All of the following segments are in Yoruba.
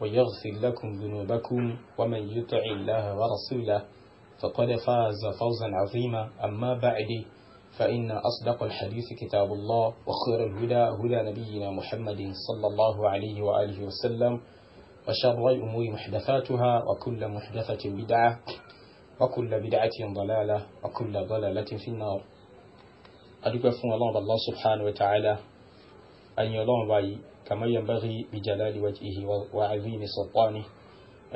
ويغفر لكم ذنوبكم ومن يطع الله ورسوله فقد فاز فوزا عظيما أما بعد فإن أصدق الحديث كتاب الله وخير الهدى هدى نبينا محمد صلى الله عليه وآله وسلم وشر الأمور محدثاتها وكل محدثة بدعة وكل بدعة ضلالة وكل ضلالة في النار أدوك فون الله سبحانه وتعالى أن يلون كما ينبغي بجلال وجهه وعظيم سلطانه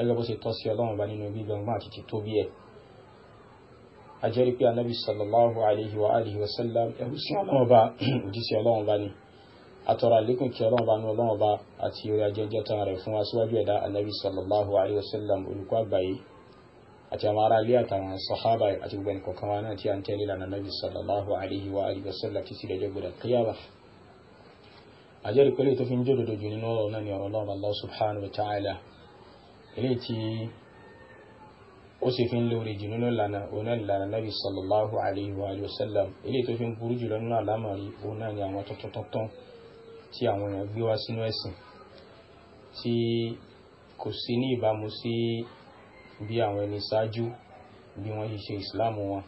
ẹgbẹ́ bó ṣe tọ́ sí ọlọ́run bá nínú gbígbẹ́ ọgbọ́n àti ti tóbi ẹ̀ a jẹ́rìí pé anábì sallallahu alaihi wa alihi wa sallam ẹ̀rú sí ọlọ́run bá òjíṣẹ́ ọlọ́run bá ní àtọ̀rọ̀ àlékún kí ọlọ́run bá ní ọlọ́run bá àti orí ajẹ́jẹ́ tán rẹ̀ fún aṣíwájú ẹ̀dá anábì sallallahu alaihi wa sallam olùkọ́ àgbáyé àti àwọn ará ilé àtàwọn sọ̀hábà àti gbogbo ẹnì wa náà tí a ń tẹ́lẹ̀ lànà anábì sallallahu alaihi wa alihi wa sallam àjẹ́rìí pé lè tó fi ń jódodo jù nínú ọ̀rọ̀ náà ni ọ̀rọ̀ náà Allah subhanahu wa ta'ala ilé tí ó sì fi ń lórí jù nínú ìlànà ọ̀nà ìlànà nàbí sallallahu alayhi wa sallam ilé tó fi ń burú jùlọ nínú àlámọ̀rí òun náà ni àwọn tuntun tí àwọn èèyàn gbé wá sínú ẹ̀sìn tí kò sí ní ìbámu sí bí àwọn ẹni ṣáájú bí wọ́n ṣe ṣe ìsìláàmù wọn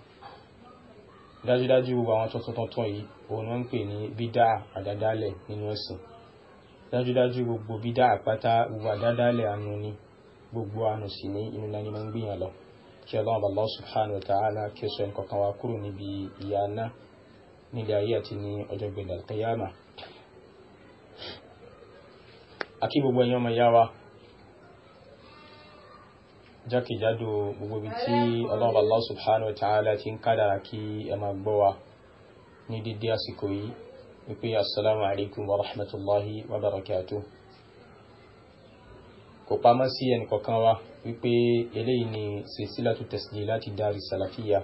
dájúdájú gbogbo àwọn tuntun yìí òun wọ́n ń pè ní bídà àdádálẹ̀ nínú ẹ̀sìn dájúdájú gbogbo bídà àpáta gbogbo àdádálẹ̀ àánú ni gbogbo àánú sì ní inú náà ni máa ń gbìyàn lọ kí ọlọ́run Allah subhanahu wa ta'ala kí ó sọ ẹnìkọ̀kan wa kúrò níbi ìyà náà nílé ayé àti ní ọjọ́ gbẹ̀dẹ̀ al-qiyama àkí gbogbo ẹ̀yin ọmọ ìyá wa jákèjádò gbogbo ibi tí ọlọ́run Allah subhanahu wa ta'ala ti ń kádàrà kí ẹ máa gbọ́ wa ní dídí àsìkò yìí wípé assalamu alaikum wa rahmatullahi wa barakatuh kò pamọ́ sí ẹnì kọ̀ọ̀kan wa wípé eléyìí ni silsilatu tasjilati dari salafiya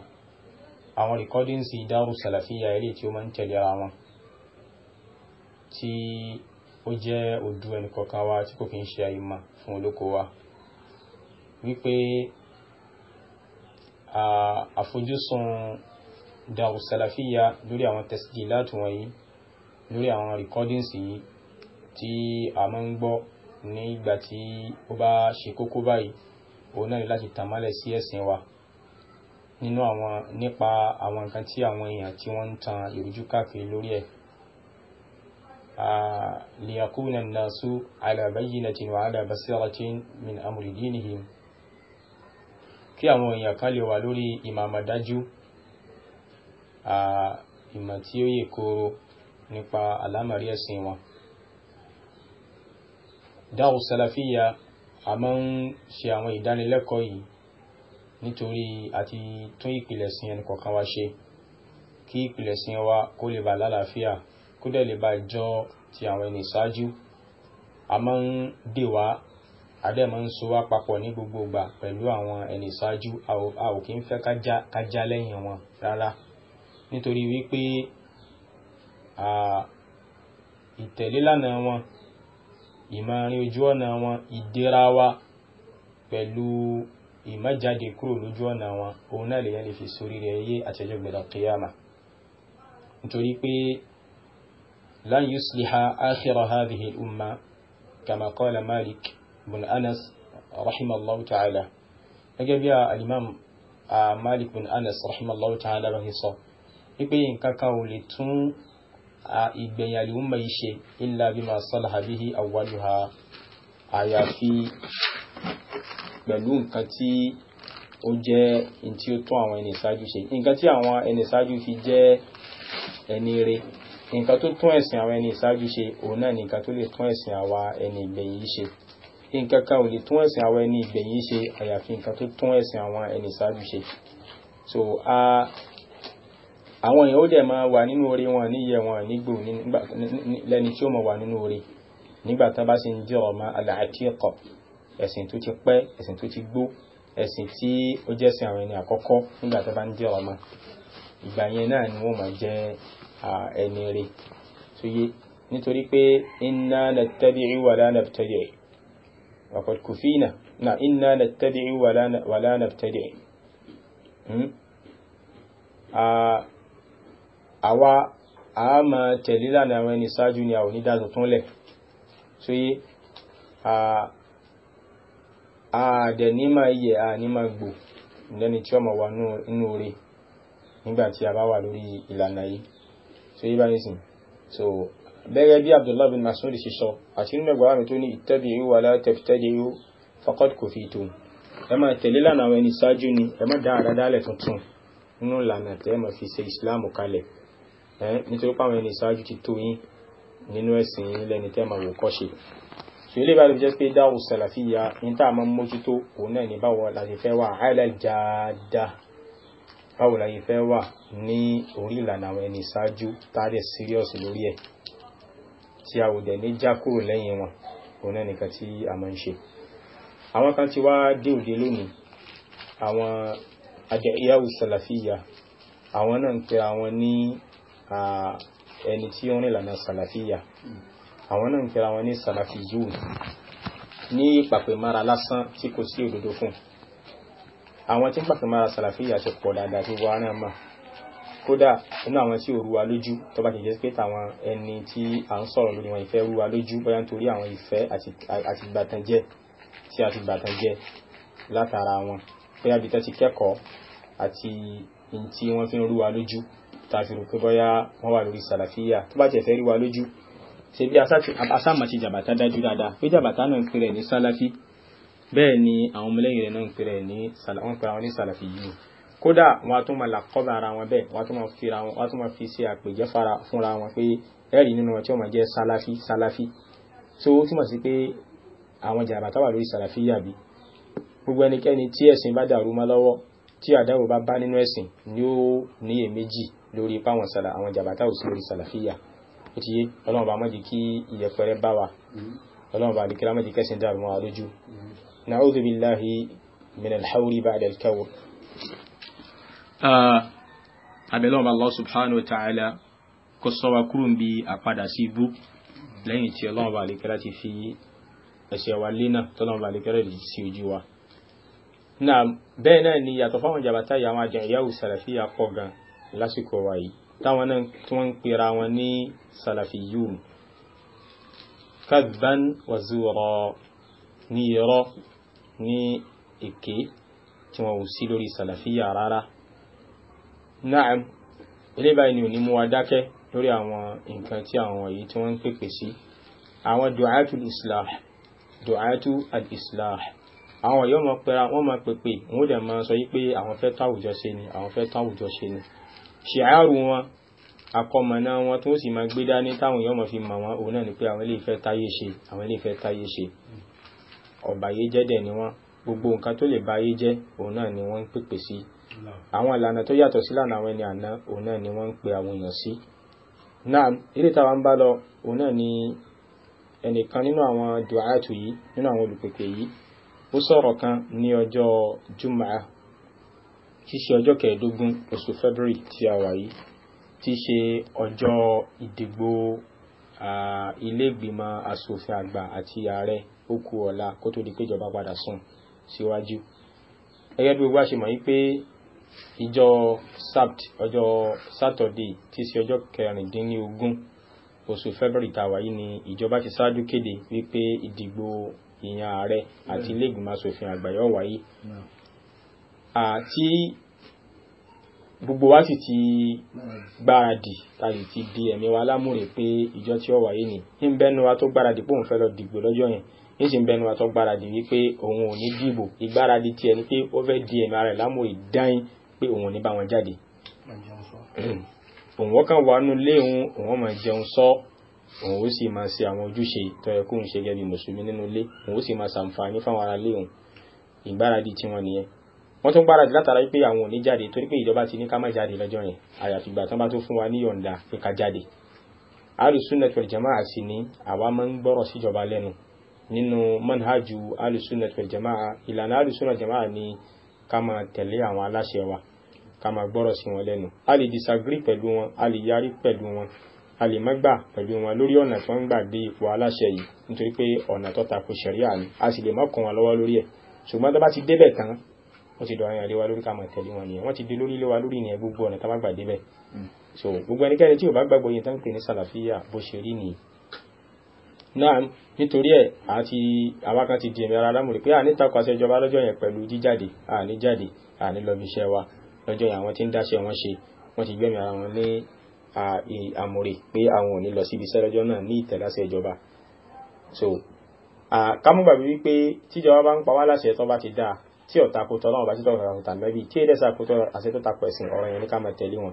àwọn recordings daru salafiya eléyìí tí ó máa ń tẹ̀lé ara wọn tí ó jẹ́ ojú ẹnì kọ̀ọ̀kan wa tí kò kí ń ṣe àyíma fún olóko wa wípé àfojúsùn Daru Salafiya lórí àwọn tasjilat wọ̀nyí lórí àwọn recordings yìí tí a máa ń gbọ́ nígbà tí ó bá ṣe kókó báyìí òun náà ni láti tàmálẹ̀ sí ẹ̀sìn wa nínú àwọn nípa àwọn nǹkan tí àwọn èèyàn tí wọ́n ń tan ìrújú káàkiri lórí ẹ̀ liyakuna nasu ala bayyinatin wa ala basiratin min amri dinihim kí àwọn èèyàn ká lè ìmọ̀ tí ó yè kooro nípa àlámọ̀rí ẹ̀sìn wọn. Dáwù Salafíyà a máa ń ṣe àwọn ìdánilẹ́kọ̀ọ́ yìí nítorí àti tún ìpìlẹ̀sìn ẹnì kọ̀ọ̀kan wa ṣe kí ìpìlẹ̀sìn wa kó lè bà lálàáfíà kó dẹ̀ lè bá jọ ti àwọn ẹni ìṣáájú a máa ń dè wá adé máa ń so wá papọ̀ ní gbogbo ìgbà pẹ̀lú àwọn ẹni ìṣáájú a ò kí ń fẹ́ ká já lẹ́yìn wọn rárá nítorí wípé ìtẹ̀lélànà wọn ìmọ̀rin ojú ọ̀nà wọn ìdẹ́ra wa pẹ̀lú ìmọ̀jáde kúrò lójú ọ̀nà wọn òun náà lèyàn lè fi sórí rẹ̀ yé àtẹ́jọ́ gbẹ̀dọ̀ kìyàmà nítorí pé lan yusliha akhira hadhihi al-umma kama qala malik bin anas rahimallahu ta'ala gẹ́gẹ́ bí alimam malik bin anas rahimallahu ta'ala bá wípé nǹkan kan ò lè tún ìgbẹ̀yìn àlùmọ yìí ṣe illa bima salaha bihi awwaluha àyàfi pẹ̀lú nǹkan tí ó jẹ́ in tí ó tún àwọn ẹni ìṣáájú ṣe nǹkan tí àwọn ẹni ìṣáájú fi jẹ́ ẹni re nǹkan tó tún ẹ̀sìn àwọn ẹni ìṣáájú ṣe òun náà nìkan tó lè tún ẹ̀sìn àwa ẹni ìgbẹ̀yìn ṣe nǹkan kan ò lè tún ẹ̀sìn àwọn ẹni ìgbẹ̀yìn ṣe àyàfi nǹkan tó tún ẹ̀sìn àwọn ẹni ìṣáájú ṣe so a àwọn èèyàn ó dẹ̀ máa wà nínú orí wọn níyẹ wọn nígbò lẹ́ni tí ó mọ̀ wà nínú orí nígbà tán bá sì ń jẹ́ ọmọ aláàkíkọ̀ ẹ̀sìn tó ti pẹ́ ẹ̀sìn tó ti gbó ẹ̀sìn tí ó jẹ́ sin àwọn ẹni àkọ́kọ́ nígbà tán bá ń jẹ́ ọmọ ìgbà yẹn náà ni wọ́n máa jẹ́ ẹni rí tó yé nítorí pé inna nattabi'u wala nabtadi' waqad kufina na inna nattabi'u wala nabtadi' hmm? àwa a máa tẹ̀lé lànà àwọn ẹni ṣáájú ni àwọn onídá tuntun lẹ̀ tó yé àdẹ̀ ní máa yẹ à ní máa gbò lẹ́ni tí ọmọ wà nínú orí nígbàtí a bá wà lórí ìlànà yìí tó yé báyìí sìn so bẹ́rẹ̀ bí Abdullah bin Mas'ud ṣe sọ àti nínú ẹgbàá mi tó ní ittabi'u wa la tabtadi'u faqad kufitum ẹ máa tẹ̀lé lànà àwọn ẹni ṣáájú ni ẹ má dáadáa lẹ̀ tuntun nínú ìlànà tẹ́ ẹ máa fi ṣe ìsìláàmù kalẹ̀ nítorí pàwọn ẹni ìsáájú ti tó yín nínú ẹ̀sìn yín lẹ́ni tẹ́ máa wò kọ́ṣe so ilé ìbáraẹni jẹ́ pé dáwò sàlàfíà ní tá a máa ń mójútó òun náà ní báwo la ṣe fẹ́ wà àìlẹ̀ jáda báwo la ṣe fẹ́ wà ní orí ìlànà àwọn ẹni ìsáájú tá a dẹ̀ serious lórí ẹ̀ tí a ò dẹ̀ ní já kúrò lẹ́yìn wọn òun náà nìkan tí a máa ń ṣe àwọn kan ti wá dé òde lónìí àwọn àjẹ ìyáwó sàlàfíà àwọn náà ń pe àwọn ní ẹni tí ó ń rìn lànà sàlàfíyà àwọn náà ń kira wọn ní sàlàfíyùn ní ìpàpẹ̀mára lásán tí kò sí òdodo fún àwọn tí ń pàpẹ̀mára sàlàfíyà ṣe pọ̀ dáadáa tí wọ́n náà mà kódà nínú àwọn tí ò rúwa lójú tó bá kìí pé tàwọn ẹni tí à ń sọ̀rọ̀ lórí wọn ìfẹ́ rúwa lójú bóyá nítorí àwọn ìfẹ́ àti ìbátan jẹ́ tí a ti gbàtàn jẹ látara wọn bóyá bí tẹ́ ti kẹ́kọ̀ọ́ àti ní tí wọ́n fi ń rúwa lójú tàfihàn pé bọ́yá wọ́n wà lórí sàlàfíà tó bá tiẹ̀ fẹ́ rí wa lójú ṣe bí asáàmà ti jàbàtà dájú dáadáa pé jàbàtà náà ń pè rẹ̀ ní sálàfí bẹ́ẹ̀ ni àwọn ọmọlẹ́yìn rẹ̀ náà ń pè rẹ̀ ní sàlàfí yìí kódà wọn a tún máa làkọ́bà ara wọn bẹ́ẹ̀ wọn a tún máa fi ra wọn wọn a tún máa fi ṣe àpèjẹ́ fúnra wọn pé ẹ̀rí nínú wọn tí wọ́n máa jẹ́ sálàfí sálàfí tó túmọ̀ sí pé àwọn jàbàtà wà lórí sàlàfí yàbí gbogbo ẹnikẹ́ni tí ẹ̀sìn bá dàrú mọ́ lọ́wọ́ tí àdáwò bá bá nínú ẹ̀sìn ni ó níyèméjì lórí páwọn sàlà àwọn jàbátà ò sí lórí sàlàfíà ó ti yé ọlọ́run bá mọ́jì kí ìyẹ̀fẹ̀rẹ̀ bá wa ọlọ́run bá dìkíra mọ́jì kẹsìn dàrú wọn lójú na'udhu billahi min al-hawli ba'da al-kawr abẹ́lọ́wọ́ Allah subhanahu wa ta'ala kó sọ wa kúrò bí àpadà sí ibú lẹ́yìn tí ọlọ́run bá dìkíra ti fi ẹ̀ṣẹ̀ wa lé náà tọ́lọ́run bá bẹ́ẹ̀ náà ni yàtọ̀ fáwọn jàbátà yà àwọn àjẹ̀yàwó sàlàfíà pọ̀ gan lásìkò wa yìí táwọn náà tí wọ́n ń pera wọn ní salafiyun kadban wazura ní irọ́ ní èké tí wọ́n ò sí lórí salafiya rárá náà ilé báyìí ni ò ní mú wa dákẹ́ lórí àwọn nǹkan tí àwọn yìí tí wọ́n ń pèpè sí àwọn du'atu islah du'atu al-islah àwọn yóò mọ̀ pẹ̀ra wọ́n mọ̀ pèpè wọ́n dẹ̀ máa sọ yí pé àwọn fẹ́ táwùjọ ṣe ni àwọn fẹ́ táwùjọ ṣe ni ṣìáàrù wọn akọmọ̀nà wọn tó sì máa gbé dání táwọn èèyàn máa fi mọ̀ wọn òun náà ni pé àwọn ilé ìfẹ́ táyé ṣe àwọn ilé ìfẹ́ táyé ṣe ọ̀bàyéjẹ́ dẹ̀ ni wọ́n gbogbo nǹkan tó lè báyé jẹ́ òun náà ni wọ́n ń pèpè sí àwọn ìlànà tó yàtọ̀ sí lànà àwọn ẹni àná òun náà ni wọ́n ń pe àwọn èèyàn sí náà eré táwa ń bá lọ òun náà ni ẹnìkan nínú àwọn du'atu yìí nínú àwọn olùpèpè yìí ó sọ̀rọ̀ kan ní ọjọ́ jumaa tí ṣe ọjọ́ kẹẹ̀ẹ́dógún oṣù February tí a wà yìí tí ṣe ọjọ́ ìdìbò ilégbìmọ̀ asòfin àgbà àti ààrẹ ó kù ọ̀la kó tó di péjọba padà sùn síwájú gẹ́gẹ́ bí gbogbo àṣemọ̀ yìí pé ìjọ sabt ọjọ́ Saturday tí ṣe ọjọ́ kẹrìndínlógún oṣù February tá a ni ìjọba ti ṣáájú kéde wípé ìdìbò ìyàn ààrẹ àti ilégbìmọ̀ asòfin àgbà yóò wáyé àti gbogbo wa sì ti gbáradì tàbí ti di ẹ̀mí wa lámúre pé ìjọ tí ó wáyé ni ní bẹ́nu wa tó gbáradì pé òun fẹ́ lọ dìgbò lọ́jọ́ yẹn ní sì bẹ́nu wa tó gbáradì wípé òun ò ní dìbò ìgbáradì tiẹ̀ ni pé ó fẹ́ di ẹ̀mí ara rẹ̀ lámúre dáin pé òun ò ní bá wọn jáde òun wọ́kàn wà nù lé òun òun máa jẹun sọ òun ó sì máa ṣe àwọn ojúṣe tó yẹ kóun ṣe gẹ́gẹ́ bí mùsùlùmí nínú ilé òun ó sì máa ṣàǹfààní fáwọn ará ilé òun ìgbáradì tiwọn nìyẹn wọ́n tún gbáradì látara pé àwọn ò ní jáde torí pé ìjọba ti ní ká má jáde lọ́jọ́ yẹn àyàfi ìgbà tán bá tó fún wa ní yọ̀ǹda pé jáde alùsùnẹ̀tì wal jama'a sì ni àwa máa ń gbọ́rọ̀ síjọba lẹ́nu nínú manhajú alùsùnẹ̀tì wal jama'a ìlànà alùsùnẹ̀tì wal jama'a ni ká máa tẹ̀lé àwọn aláṣẹ wa ká máa gbọ́rọ̀ sí wọn lẹ́nu a lè disagree pẹ̀lú wọn a lè yarí pẹ̀lú wọn a lè má gbà pẹ̀lú wọn lórí ọ̀nà tí wọ́n ń gbà dé ipò aláṣẹ yìí nítorí pé ọ̀nà tó tako ṣẹ̀ríà ni a sì lè má kàn wọn lọ́wọ́ lórí ẹ̀ ṣùgbọ́n tó bá ti débẹ̀ tán wọ́n ti dọ̀rọ̀ àyànlé wa lórí ká máa tẹ̀lé wọn nìyẹn wọ́n ti di lórí ilé wa lórí ìyẹn gbogbo ọ̀nà tá bá gbà mm. so gbogbo ẹnikẹ́ni tí ò bá gbàgbọ́ yẹn tán pè ní sàlàfíà bó ṣe rí nìyí náà nítorí ẹ̀ àti àwa kan ti di ẹ̀mí ara lámùrí pé àní takò àṣẹ ìjọba lọ́jọ́ yẹn pẹ̀lú jíjáde àní jáde àní lọ́bi iṣẹ́ wa lọ́jọ́ yẹn àwọn tí ń dáṣẹ́ wọn ṣe wọ́n ti gbẹ̀mí ara wọn ní àmùrè pé àwọn ò ní lọ síbi iṣẹ́ lọ́jọ́ náà ní ìtẹ̀láṣẹ ìjọba so kámúgbàgbé wípé tíjọba bá ń pa wá láṣẹ tó bá ti dáa tí ọ̀tà kò tọ́ lọ́wọ́ bá títọ́ ọ̀tà kòtà mẹ́bí tí èdè sàkótọ́ àṣẹ tó takò ẹ̀sìn ọ̀rọ̀ yẹn ní ká máa tẹ̀lé wọn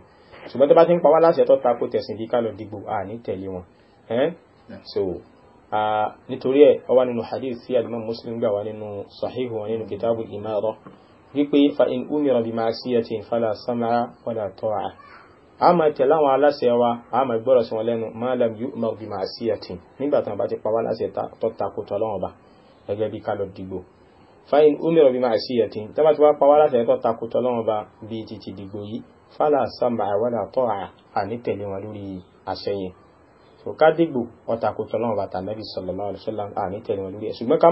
ṣùgbọ́n tó bá ti ń pa wá láṣẹ tó takò tẹ̀sìn bí ká lọ dìgbò à ní tẹ̀lé wọn so nítorí ẹ̀ ó wà nínú hadith sí alimọ́ muslim gbà wá nínú sahihu wọn nínú kitabu imara wípé fa in umira bi ma'siyatin fala sam'a wala ta'a a máa tẹ̀lé àwọn aláṣẹ wa a máa gbọ́rọ̀ sí wọn lẹ́nu ma lam yu'mar bi ma'siyatin nígbà tí wọ́n bá ti pa wá láṣẹ tó takò tọ́lọ́wọ́n ba gẹ́gẹ́ bí ká lọ dìgbò fáyín umiro bí máa síyàtí tọ́bá ti wá pàwọ́ láti ẹ̀kọ́ takùtọ̀ lọ́wọ́ bá bí títí dìgbò yìí fálà sàmà àwọ́dà tọ́ àní tẹ̀lé wọn lórí àṣẹyìn tó ká dìgbò ọ̀takùtọ̀ lọ́wọ́ bá tànẹ́bí sallallahu alaihi wasallam àní tẹ̀lé wọn lórí ẹ̀ ṣùgbọ́n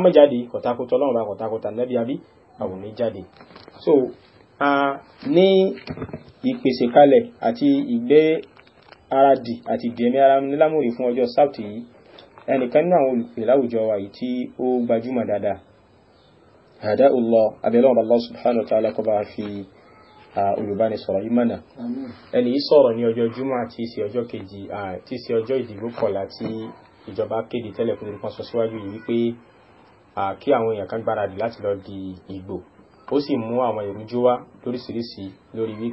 so a ní ìpèsè kalẹ̀ àti ìgbé ara dì àti ìdẹ̀mí ara nílámòrè fún ọjọ́ sábtì yìí ẹnìkan nínú àwọn olùpè láwùjọ wa àdá ọlọ abẹ́lọ́wọ́ Allah subhanahu wa ta'ala kó bá fi olùbánisọ̀rọ̀ ìmọ̀nà ẹni sọ̀rọ̀ ní ọjọ́ júmọ́ àti ìsì ọjọ́ kejì àti ìsì ọjọ́ ìdìbò kọ̀lá tí ìjọba kéde tẹ́lẹ̀ fún olùkọ́ sọ síwájú yìí wípé kí àwọn èèyàn kan gbáradì láti lọ di ìgbò ó sì mú àwọn ìrújú wá lóríṣiríṣi lórí fi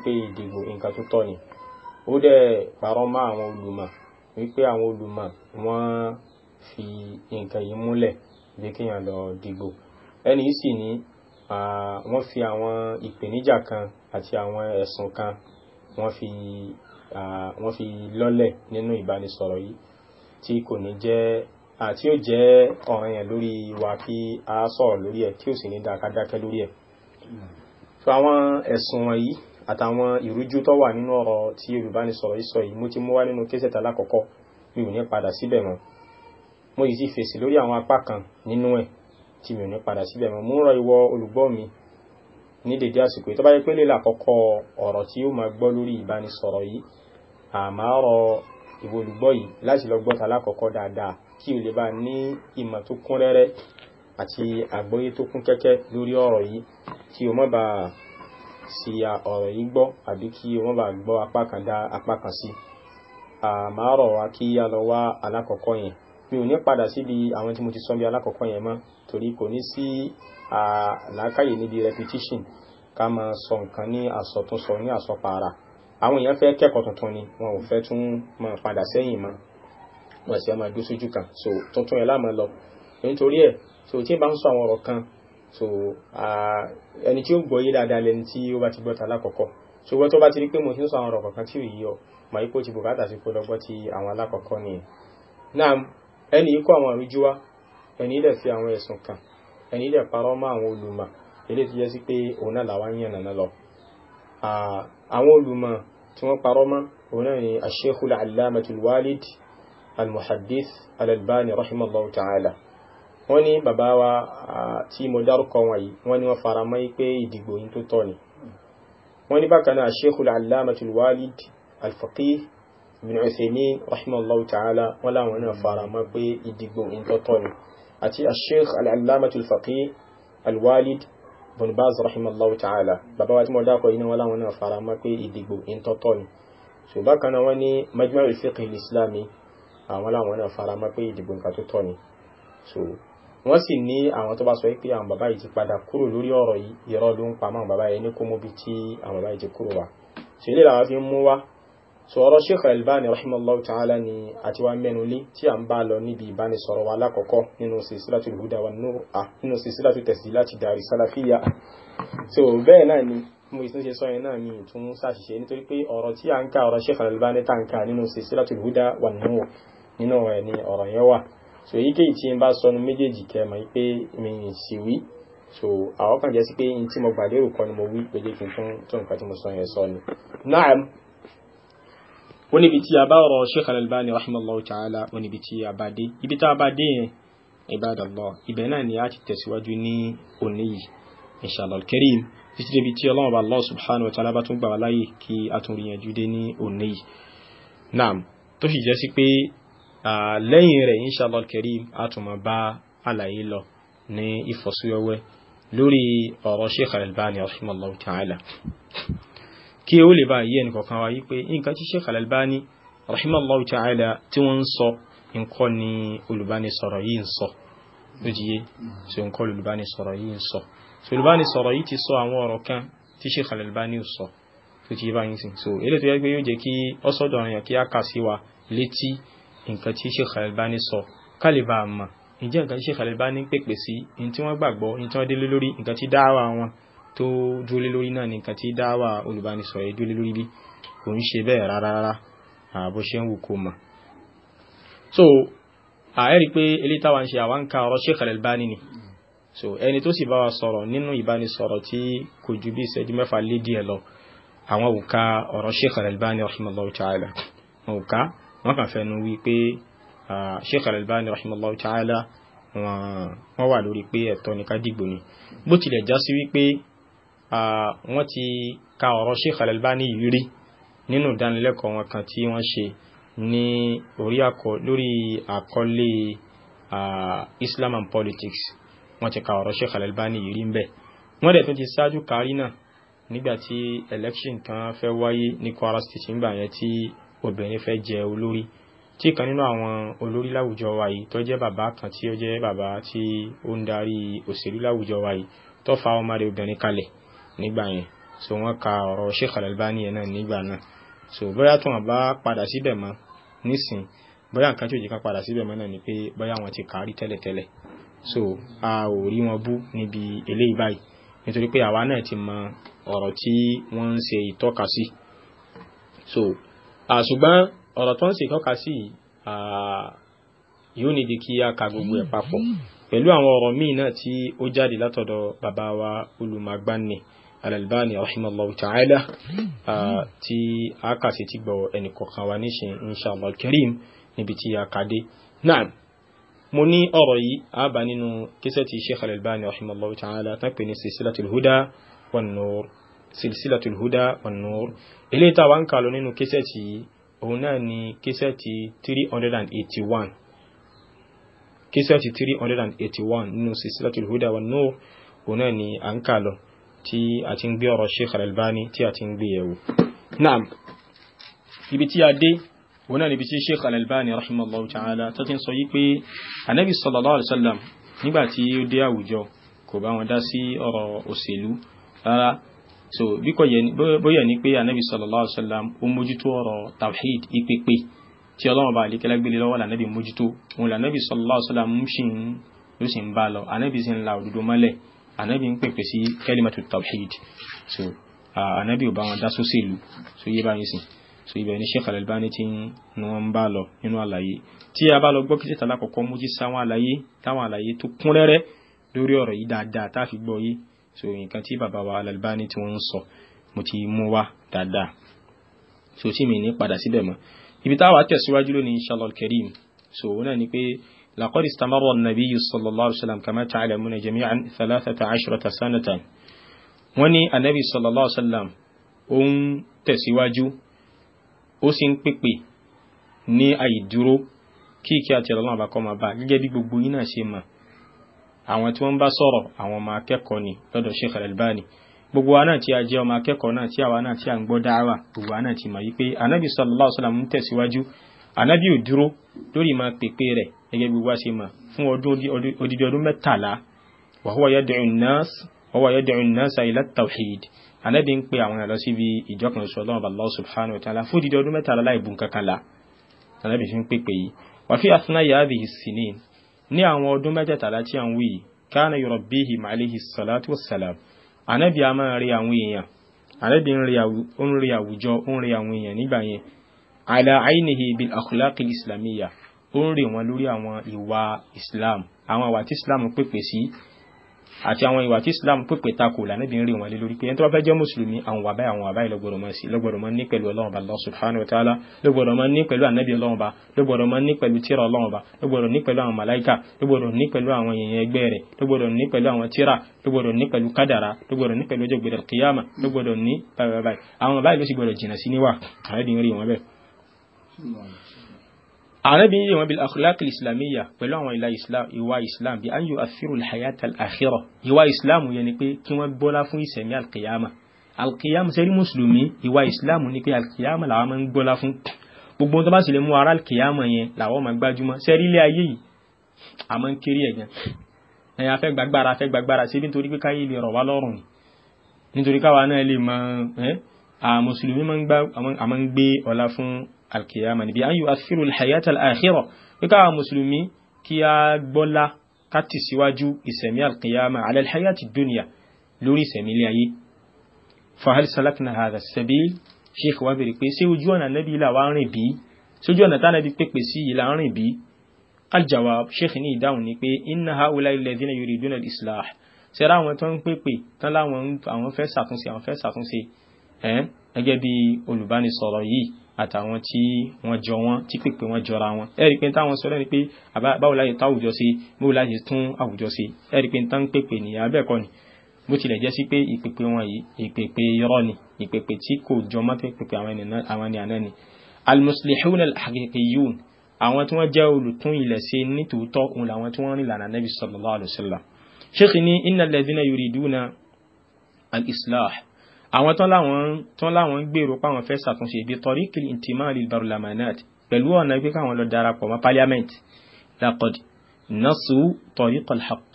nǹkan yìí múlẹ̀ bí lọ dìgbò ẹni sì ni wọ́n fi àwọn ìpèníjà kan àti àwọn ẹ̀sùn kan wọ́n fi wọ́n fi lọ́lẹ̀ nínú ìbánisọ̀rọ̀ yìí tí kò ní jẹ́ àti ó jẹ́ ọ̀ràn yẹn lórí wa kí a sọ̀rọ̀ lórí ẹ̀ tí ó sì ní dákadákẹ́ lórí ẹ̀ so àwọn ẹ̀sùn wọ̀nyí àtàwọn ìrújú tó wà nínú ọ̀rọ̀ tí olùbánisọ̀rọ̀ yìí sọ yìí mo ti mú wá nínú késẹ̀tà lákọ̀ọ́kọ́ mi ò ní padà síbẹ̀ mọ́ mo yìí sì fèsì lórí àwọn apá kan nínú ẹ̀ tí mi ò ní padà síbẹ̀ mọ́ mú rọ ìwọ olùgbọ́ mi ní dèdé àsìkò yìí tó bá yẹ pé lélà àkọ́kọ́ ọ̀rọ̀ tí ó máa gbọ́ lórí ìbánisọ̀rọ̀ yìí àmà rọ ìwọ olùgbọ́ yìí láti lọ gbọ́ta lákọ̀ọ́kọ́ dáadáa kí o lè bá ní ìmọ̀ tó kún rẹ́rẹ́ àti àgbọ́yé tó kún kẹ́kẹ́ lórí ọ̀rọ̀ yìí kí o má bá sí ọ̀rọ̀ yìí gbọ́ àbí kí o má bá gbọ́ apá kan dá apá kan sí àmà rọ wa kí a lọ wá alákọ̀ọ́kọ́ yẹn mi ò ní padà síbi àwọn tí mo ti sọ bí alákọ̀ọ́kọ́ yẹn mọ́ torí kò ní sí àlàkàyè níbi repetition ká máa sọ nǹkan ní àsọtúnsọ ní àsọpààrà àwọn èèyàn fẹ́ kẹ́kọ̀ọ́ tuntun ni wọn ò fẹ́ tún máa padà sẹ́yìn mọ́ wọn sì máa dúró sójú kan so tuntun yẹn láàmú lọ nítorí ẹ̀ so tí n bá ń sọ àwọn ọ̀rọ̀ kan so ẹni tí ó gbọ́ yé dáadáa lẹni tí ó bá ti gbọ́ ta lákọ̀ọ́kọ́ so wọ́n tó bá ti rí pé mo ti ń sọ àwọn ọ̀rọ̀ kọ̀ọ̀kan tí ò yí ọ màá yí kó ti bùkátà sí pé lọ́gbọ́ ti àwọn alákọ̀ọ́kọ́ nìyẹn náà ẹni yìí kó àwọn àrújú ẹni dẹ̀ sí àwọn ẹ̀sùn kan ẹni dẹ̀ parọ́ mọ́ àwọn olùmọ̀ ilé tó jẹ́ sí pé òun náà làwọn yàn nàná lọ àwọn olùmọ̀ tí wọ́n parọ́ mọ́ òun náà ni asheikhul alamatul walid almuhaddith alalbani rahimallahu ta'ala wọ́n ní bàbá wa tí mo dárúkọ wọn yìí wọ́n ní wọ́n fara mọ́ pé ìdìgbò yìí tó tọ́ ni wọ́n ní bákan náà asheikhul alamatul walid alfaqih ibn Uthaymin rahimallahu ta'ala wọ́n láwọn náà fara mọ́ pé ìdìgbò yìí tó tọ́ ni àti asheikh al'allamatul faqih alwalid bin baz rahimallahu ta'ala bàbá wa tí mo dákọ̀ iná wọ́n láwọn náà fara mọ́ pé ìdìgbò in tọ́tọ́ ni so bákan náà wọ́n ní majma'ul fiqh islami àwọn láwọn náà fara mọ́ pé ìdìgbò nǹkan tó tọ́ ni so wọ́n sì ní àwọn tó bá sọ pé àwọn bàbá yìí padà kúrò lórí ọ̀rọ̀ yìí ń pa mọ́ bàbá yẹn kó mú bí tí àwọn bàbá yìí kúrò wá so ilé làwọn fi ń mú wá sọ̀rọ̀ sheikh albani rahimallahu ta'ala ni àti wa mẹ́nu lé tí a ń bá lọ níbi ìbánisọ̀rọ̀ wa lákọ̀ọ́kọ́ nínú silsilatul huda wan nur à nínú salafiya so bẹ́ẹ̀ náà ni mo ìsìn ṣe sọ yẹn náà mi tún ṣàṣìṣe nítorí pé ọ̀rọ̀ tí a ń ka ọ̀rọ̀ sheikh huda wan ni ọ̀rọ̀ yẹn wà so èyíkéyìí tí n bá sọnu méjèèjì kẹmọ̀ pé so àwọn kan jẹ́ sí pé n tí mo gbàdérò kọ́ ni mo wí pé jẹ́ kí nǹkan tí mo sọ yẹn sọ ni naam ó níbi tí a bá ọ̀rọ̀ Sheikh Al-Albani rahimahullahu ta'ala ó níbi tí a bá dé ibi tá a bá dé yẹn ibadallah ibẹ̀ náà ni a ti tẹ̀síwájú ní òní yìí inshallah kareem títí débi tí ọlọ́run bá Allah subhanahu wa ta'ala bá tún gbà wá láyè kí a tún ríyànjú dé ní òní yìí naam tó sì jẹ́ sí pé lẹ́yìn rẹ̀ inshallah kareem a tún máa bá àlàyé lọ ní ìfọ́síwẹ́wẹ́ lórí ọ̀rọ̀ Sheikh Al-Albani rahimahullahu ta'ala kí ó lè bá yí ẹnì kọ̀ọ̀kan wa yí pé nǹkan tí Sheikh Al-Albani rahimallahu ta'ala tí wọ́n ń sọ nǹkan ni olùbánisọ̀rọ̀ yìí ń sọ lójijì so nǹkan olùbánisọ̀rọ̀ yìí ń sọ so olùbánisọ̀rọ̀ yìí ti sọ àwọn ọ̀rọ̀ kan tí Sheikh Al-Albani sọ tó ti bá yín sìn so eré tó yẹ pé yóò jẹ́ kí ọ́sọ́dọ̀ ọ̀ràn kí á kà sí wa létí nǹkan tí Sheikh Al-Albani sọ ká lè bá a mọ̀ ǹjẹ́ nǹkan tí Sheikh Al-Albani pèpè sí ní tí wọ́n gbàgbọ́ ní tí wọ́n délé lórí nǹkan tí dáhà wọn tó dúró lé lórí náà ni nǹkan tí dáwà olùbánisọ̀rọ̀ yìí dúró lé lórí bí kò ń ṣe bẹ́ẹ̀ rárá rárá àbó ṣe ń wù kó mọ̀. so àẹ́rí pé eléyìí táwa ń ṣe àwa ń ọ̀rọ̀ Sheikh Al-Albani ni so ẹni tó sì bá wa sọ̀rọ̀ nínú ìbánisọ̀rọ̀ tí kò ju bí ìṣẹ́jú mẹ́fà lé díẹ̀ lọ àwọn òkà ọ̀rọ̀ Sheikh Al-Albani rahimahullahu ta'ala òkà wọ́n kàn fẹnu wí pé albani rahimahullahu ta'ala wọ́n wà lórí pé ẹ̀tọ́ ni ká dìgbò ni bó tilẹ̀ já sí wípé wọ́n ti ka ọ̀rọ̀ Sheikh Al-Albani yìí rí nínú ìdánilẹ́kọ̀ọ́ wọn kan tí wọ́n ṣe ní orí àkọ lórí àkọlé Islam and politics wọ́n ti ka ọ̀rọ̀ Sheikh Al-Albani yìí rí ń bẹ̀ wọ́n dẹ̀ tún ti ṣáájú kárí náà nígbàtí election kan fẹ́ wáyé ní Kwara State nígbà yẹn tí obìnrin fẹ́ jẹ olórí tí kan nínú àwọn olórí láwùjọ wa yìí tó jẹ́ bàbá kan tí ó jẹ́ bàbá tí ó ń darí òṣèlú láwùjọ wa yìí tó fa ọmọ rẹ̀ obìnrin kalẹ̀ nígbà yẹn so wọ́n ka ọ̀rọ̀ Sheikh Al-Albani yẹn náà nígbà náà so bóyá tó wọn bá padà síbẹ̀ mọ́ nísìn bóyá nǹkan tí ò jẹ́ ká padà síbẹ̀ mọ́ náà ni pé bóyá wọn ti kárí tẹ́lẹ̀tẹ́lẹ̀ so a ò rí wọn bú níbi eléyìí báyìí nítorí pé àwa náà ti mọ ọ̀rọ̀ tí wọ́n ń ṣe ìtọ́ka sí so àṣùgbọ́n ọ̀rọ̀ tó ń ṣe ìtọ́ka sí yóò nídìí kí a ka gbogbo ẹ̀ papọ̀ pẹ̀lú àwọn ọ̀rọ̀ míì náà tí ó jáde látọ̀dọ̀ bàbá wa olùmọ̀gbani Al-Albani rahimahullahu ta'ala tí a kà sí ti gbọ́ ẹnì kọ̀ọ̀kan wa níṣin inshallah al-karim níbi tí a kàdé náà mo ní ọ̀rọ̀ yìí a bá nínú kíṣẹ́ ti Sheikh Al-Albani rahimahullahu ta'ala tán pè ní silsilatul huda wan nur silsilatul huda wan nur eléyìí tá a wá ń kà lọ nínú kíṣẹ́ ti yìí òun náà ni kísẹ́ẹ̀tì 381 kísẹ́ẹ̀tì 381 nínú sísílátùl húdà wan nur òun náà ni à ń kà tí a ti ń gbé ọ̀rọ̀ Sheikh Al-Albani tí a ti ń gbé yẹ̀wò naam ibi tí a dé wọn náà níbi tí Sheikh Al-Albani rahimahullahu ta'ala tó ti ń sọ yí pé anabi sallallahu alayhi wa sallam nígbà tí ó dé àwùjọ kò bá wọn dá sí ọ̀rọ̀ òṣèlú rárá so bí kò bóyá ní pé anabi sallallahu alayhi wa sallam ó mójútó ànábì ń pèpè sí kẹ́límẹ̀tù tawhid so ànábì ò bá wọn dá sóṣèlú so yé báyìí sìn so ibẹ̀ ni Sheikh Al-Albani tí wọ́n ń bá lọ nínú àlàyé tí a bá lọ gbọ́ kíkẹ́ta lákọ̀ọ́kọ́ mú jí sáwọn àlàyé táwọn àlàyé tó kún rẹ́rẹ́ lórí ọ̀rọ̀ yìí dáadáa tá a fi gbọ́ yìí so nǹkan tí bàbá wa Al-Albani tí wọ́n ń sọ mo ti mú wá dáadáa so tí mi ní padà síbẹ̀ mọ́ ibi táwa tẹ̀síwájú lónìí inshallah al so òun náà ni pé لقد استمر النبي صلى الله عليه وسلم كما تعلمون جميعا ثلاثة عشرة سنة وني النبي صلى الله عليه وسلم أم تسواجو أسين بيبي ني أي درو kí kí àti ọlọ́run àbá kọ́ máa bá gẹ́gẹ́ bí gbogbo yín náà ṣe mọ̀ àwọn tí wọ́n bá sọ̀rọ̀ àwọn ọmọ akẹ́kọ̀ọ́ ni lọ́dọ̀ Sheikh Al-Albani gbogbo wa náà tí a jẹ́ ọmọ akẹ́kọ̀ọ́ náà tí àwa náà tí a ń gbọ́ dáwà gbogbo wa náà ti mọ̀ yí pé anabi sallallahu alaihi wasallam tẹ̀síwájú anabi ò dúró lórí máa pèpè rẹ̀ gẹ́gẹ́ bí wá ṣe mọ̀ fún odidi ọdún mẹ́tàlá wa huwa yad'u an-nas wa huwa yad'u an-nas ila at-tawhid anábì ń pe àwọn èèyàn lọ síbi ìjọkan oṣù ọlọ́run Allah subhanahu wa ta'ala fún odidi ọdún mẹ́tàlá láì bu nǹkan kan la anábì fi ń pèpè yìí wa fi athna'i hadhihi as-sinin ní àwọn ọdún mẹ́tẹ̀ẹ̀tàlá tí à ń wí kana yurabbihim alayhi salatu wassalam anábì a máa rí àwọn ala ainihi bil akhlaqi islamiyya ó ń rè wọn lórí àwọn ìwà Islam àwọn ìwà tí Islam pèpè sí àti àwọn ìwà tí Islam pèpè takò lànàbí ń rè wọn lé lórí pé ẹni tó bá fẹ́ jẹ́ mùsùlùmí àwọn wàbáyé àwọn wàbáyé lọ́gbọ̀dọ̀ mọ́ sí lọ́gbọ̀dọ̀ mọ́ ní pẹ̀lú ọlọ́run bá subhanahu wa ta'ala lọ́gbọ̀dọ̀ mọ́ ní pẹ̀lú ànábì ọlọ́run bá lọ́gbọ̀dọ̀ mọ́ ní pẹ̀lú tíra ọlọ́run bá lọ́gbọ̀dọ̀ ní pẹ̀lú àwọn màláìkà lọ́gbọ̀dọ̀ ní pẹ̀lú àwọn èèyàn ẹgbẹ́ rẹ̀ lọ́gbọ̀dọ̀ ní pẹ̀lú àwọn tíra lọ́gbọ̀dọ̀ ní pẹ̀lú kádàrá lọ́gbọ̀dọ̀ ní pẹ̀lú ọjọ́ gbẹ̀dẹ̀ lọ́gbọ̀dọ̀ ní báyìí báyìí àwọn báyìí ló sì gbọ́dọ̀ jìnnà sí níwà àwọn ẹ̀dín rí wọn bẹ́ẹ̀ àrẹ́bìn yìí wọn bil akhlaq islamiyya pẹ̀lú àwọn ìlà islam ìwà islam bí an yu'athiru al-hayata al-akhirah ìwà islam yẹn ni pé kí wọ́n gbọ́lá fún ìsẹ̀mí alkiyama alkiyama sẹ́rí mùsùlùmí ìwà islam ni pé alkiyama làwọn máa ń gbọ́lá fún gbogbo tó bá sì lè mú ara alkiyama yẹn làwọn máa gbájúmọ́ sẹ́rí ilé ayé yìí a máa ń kéré ẹ̀gàn ẹ̀yà afẹ́ gbàgbára afẹ́ gbàgbára sí nítorí pé káyé lè rọ̀ wá lọ́rùn nítorí káwa náà lè máa mùsùlùmí máa ń gbé ọlá fún alkiyama níbi an yu'athiru alhayata alakhirah wíkà àwọn mùsùlùmí kí a gbọ́lá ká tì síwájú ìsẹ̀mí alkiyama ala alhayati dunya lórí ìsẹ̀mí ilé ayé fahal salakna hadha sabil sheikh wa bèrè pé ṣé ojú ọ̀nà nẹ́bí ilà wa rìn bí sójú ọ̀nà tánàbí pèpè sí ìlà rìn bí aljawab sheikh ní ìdáhùn ni pé inna haula alladhina yuriduna al-islah ṣẹ́ra àwọn tó ń pèpè tán láwọn àwọn fẹ́ ṣàtúnṣe àwọn fẹ́ ṣàtúnṣe ẹ̀ gẹ́gẹ́ bí olùbánisọ̀rọ̀ yìí àtàwọn tí wọ́n jọ wọ́n tí pèpè wọ́n jọra wọn ẹ̀rí pé táwọn sọ lẹ́ni pé báwo láyé tá àwùjọ ṣe báwo láyé tún àwùjọ ṣe ẹ̀rí pé táwọn pèpè nìyà bẹ́ẹ̀ kọ́ ni bó tilẹ̀ jẹ́ sí pé ìpèpè wọn yìí ìpèpè irọ́ ni ìpèpè tí kò jọ mọ́ pèpè àwọn ènìyàn náà ni almuslihun alhaqiqiyun àwọn tí wọ́n jẹ́ olùtún ilẹ̀ ṣe ní òun làwọn tí wọ́n rìn lànà nabi sallallahu alayhi àwọn tán láwọn tán láwọn ń gbèrò páwọn fẹ́ ṣàtúnṣe ibi torí kìlì intima lil barlamanat pẹ̀lú ọ̀nà pé káwọn lọ darapọ̀ mọ́ parliament laqad nasu tariq alhaq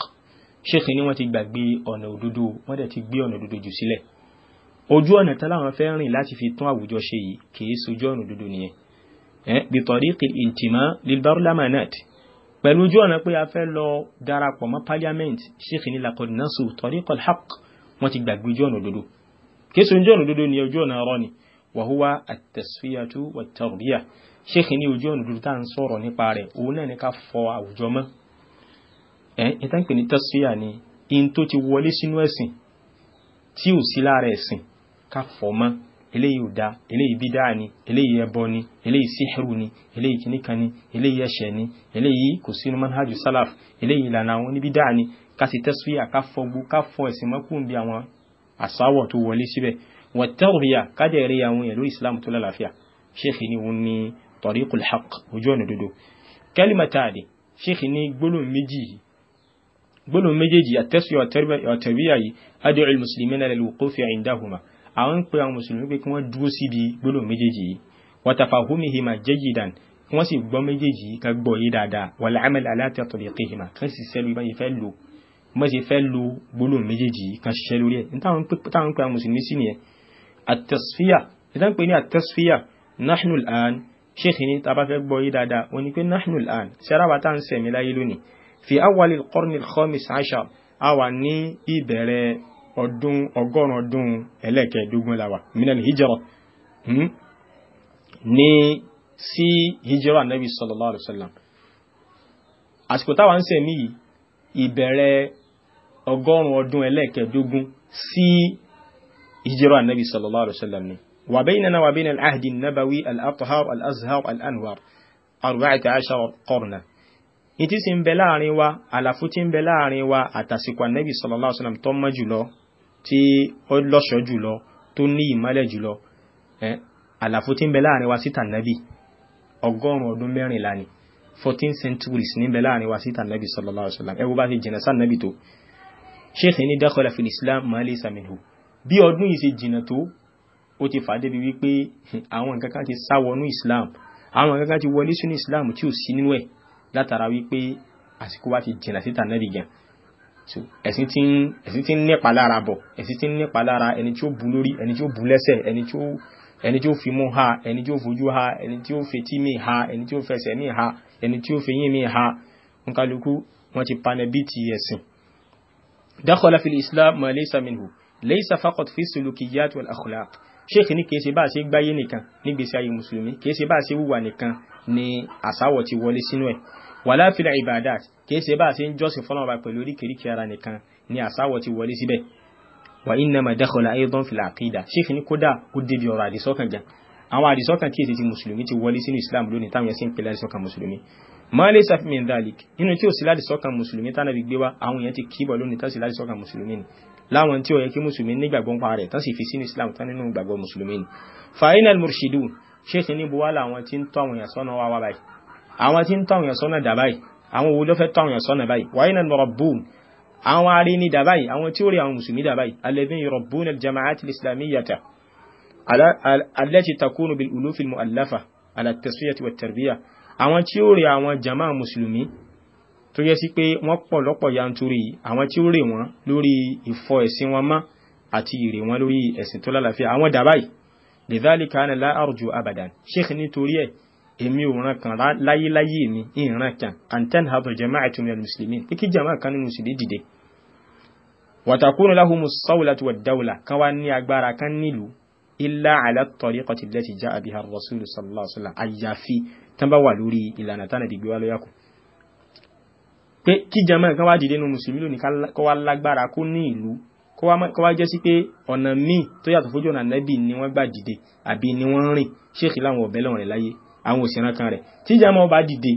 sheikh ni wọ́n ti gbàgbé ọ̀nà òdodo wọ́n dẹ̀ ti gbé ọ̀nà òdodo jù sílẹ̀ ojú ọ̀nà tán láwọn fẹ́ rìn láti fi tún àwùjọ ṣe yìí kìí sojú ọ̀nà òdodo nìyẹn bi tariq intima lil barlamanat pẹ̀lú ojú ọ̀nà pé a fẹ́ lọ darapọ̀ mọ́ parliament sheikh ni laqad nasu tariq alhaq wọ́n ti gbàgbé ojú ọ̀nà òdodo késo ojú ọ̀nà òdodo ni ojú ọ̀nà ọ̀rọ̀ ni wàhúwá àtẹ̀síyàtú wàtẹ̀rùbíyà ṣéèkì ní ojú ọ̀nà òdodo tá à ń sọ̀rọ̀ nípa rẹ̀ òun náà ní ká fọ àwùjọ mọ́ ẹ̀ ìtàn pè ní tẹ̀síyà ni in tó ti wọlé sínú ẹ̀sìn tí ò sí lára ẹ̀sìn ká fọ mọ́ eléyìí ò da eléyìí bídá ni eléyìí ẹbọ ni eléyìí síhìrù ni eléyìí kìnnìkan ni eléyìí ẹ̀ṣẹ̀ ni eléyìí kò sínú manhajù salaf eléyìí ìlànà àwọn oníbídá ni ká sì tẹ̀síyà ká fọ gbó ká fọ ẹ̀sìn mọ́kùnrin bí àwọn àsáwọ̀ tó wọlé síbẹ̀ wọ́n tẹ́rùbíyà kájẹ̀ rí àwọn èèyàn lórí islam tó lálàáfíà ṣéèkì ni wọ́n ní tariqul haqq ojú ọ̀nà dodo kẹ́límẹ̀tàdì ṣéèkì ní gbólóhùn méjì yìí gbólóhùn méjèèjì àtẹ́sùn ọ̀tẹ̀bíyà yìí ad'u al-muslimina lil-wuqufi 'indahuma àwọn ń pe àwọn mùsùlùmí pé kí wọ́n dúró síbi gbólóhùn sì gbọ́ méjèèjì yìí ká gbọ́ yìí dáadáa wal-'amal ala kan sì sẹ́lu ìbáyìí fẹ́ lò mọ́ ṣe fẹ́ lu gbólóhùn méjèèjì kan ṣiṣẹ́ lórí ẹ̀ táwọn ń pè mùsùlùmí sí nìyẹn àtẹ̀sífíà ìtàn pé ní àtẹ̀sífíà nahnu al-an sheikh ni tá a bá fẹ́ gbọ́ yí dáadáa wọ́n ní pé nahnu al-an ṣẹ́ráwá tá à ń sẹ̀mí láyé lónìí fi awwal al-qarn al-khamis ashar a wà ní ìbẹ̀rẹ̀ ọdún ọgọ́rùn ọdún ẹlẹ́kẹ̀ẹ́dógún la wà minal hijra hmm? ní sí hijra nabi sallallahu alayhi wa sallam àsìkò táwa ń sẹ̀mí yìí ìbẹ̀rẹ̀ ọgọ́rùn-ún ọdún ẹlẹ́ẹ̀kẹẹ̀dógún sí ìjírọ̀ ànábì sallallahu alaihi wasallam ni wa baynana wa bayna al-ahdi an-nabawi al-athhar al-azhar al-anwar arba'ata ashara qarna ìtí sì ń bẹ tó ní ìmọ́lẹ̀ jùlọ àlàfo tí ń bẹ láàrin wa sí tànábì ọgọ́rùn ọdún mẹ́rìnlá ni 14 centuries ní bẹ láàrin wa sí tànábì sallallahu alaihi wasallam bá ti jìnà sànábì tó sheikh ní dákọ̀lá fi islam ma lè sàmìnú bí ọdún yìí ṣe jìnà tó ó ti fàdé bí wípé àwọn nǹkan kan ti sá wọnú islam àwọn nǹkan kan ti wọlé sínú islam tí ò sí nínú ẹ̀ látara wípé àsìkò wa ti jìnà síta nábì gan so ẹ̀sìn ti ń nípa lára bọ̀ ẹ̀sìn ti ń nípa lára ẹni tí ó bu lórí ẹni tí ó bu lẹ́sẹ̀ ẹni tí ó fi mú ha ẹni tí ó fojú ha ẹni tí ó fetí mi ha ẹni tí ó fẹsẹ̀ mi ha ẹni tí ó feyín mi ha nkálukú wọn ti panẹ bíi ti ẹ̀sìn dakhala fil islam ma laysa minhu laysa faqat fi sulukiyat wal akhlaq sheikh ní kìí ṣe bá a ṣe gbáyé nìkan nígbèsí ayé mùsùlùmí kìí ṣe bá a ṣe wùwà nìkan ni àsáwọ̀ ti wọlé sínú ẹ̀ wàlá fil ibadat kìí ṣe bá a ṣe ń jọ́sìn fọ́nà ọba pẹ̀lú oríkèríkè ara nìkan ni àsáwọ̀ ti wọlé síbẹ̀ wa innama dakhala aydan fil aqida sheikh ma laysa min dhalik nínú tí ò sí láti sọ́kàn mùsùlùmí tánàbí gbé wá àwọn èèyàn ti kíbọ̀ lónìí tán sì láti sọ́kàn mùsùlùmí ni láwọn tí ó yẹ kí mùsùlùmí nígbàgbọ́ ń pa rẹ̀ tán sì fi sínú islam tán nínú ìgbàgbọ́ mùsùlùmí ni fàáyínà mùrṣidù ṣéṣe ní buwá làwọn tí ń tọ́ àwọn èèyàn sọ́nà wá wá báyìí àwọn tí ń tọ́ àwọn èèyàn sọ́nà dà báyìí àwọn wo ló fẹ́ tọ́ àwọn èèyàn sọ́nà báyìí wàáyínà mọ̀rọ̀bùn àwọn arí ní dà báyìí àwọn tí ó rí àwọn mùsùlùmí dà báyìí alẹ́bí yọrọ̀bùn aljamaat islamiyyata alẹ́tì takunu bil ulufil mu'allafa ala tasfiyati wa tarbiya àwọn tí ó rè àwọn jama mùsùlùmí tó yẹ sí pé wọ́n pọ̀ lọ́pọ̀ yanturu yìí àwọn tí ó rè wọ́n lórí ìfọ ẹ̀sìn wọn mọ́ àti ìrè wọn lórí ẹ̀sìn tó lálàáfíà àwọn dàbáyì lidhalika ana la arju abadan sheikh nítorí ẹ̀ èmi ò ràn kàn láyéláyé mi ìran kan anten hadu jama'atu minal muslimin pé kí jama kan ní mùsùlùmí dìde wàtàkùnú láhùmù sawlatu wad dawla tán bá wà lórí ìlànà tánà dìgbé wa lọ́yàkù pé kí jama kan wá dìde nu mùsùlùmí lónìí kó wá lágbára kó ní ìlú kó wá jẹ́ sí pé ọ̀nà míì tó yàtọ̀ fójú ọ̀nà nẹ́bì ni wọ́n gbà dìde àbí ni wọ́n rìn ṣéèkì láwọn ọ̀bẹ lọ́wọ́n rẹ̀ láyé àwọn òṣèrán kan rẹ̀ tí jama bá dìde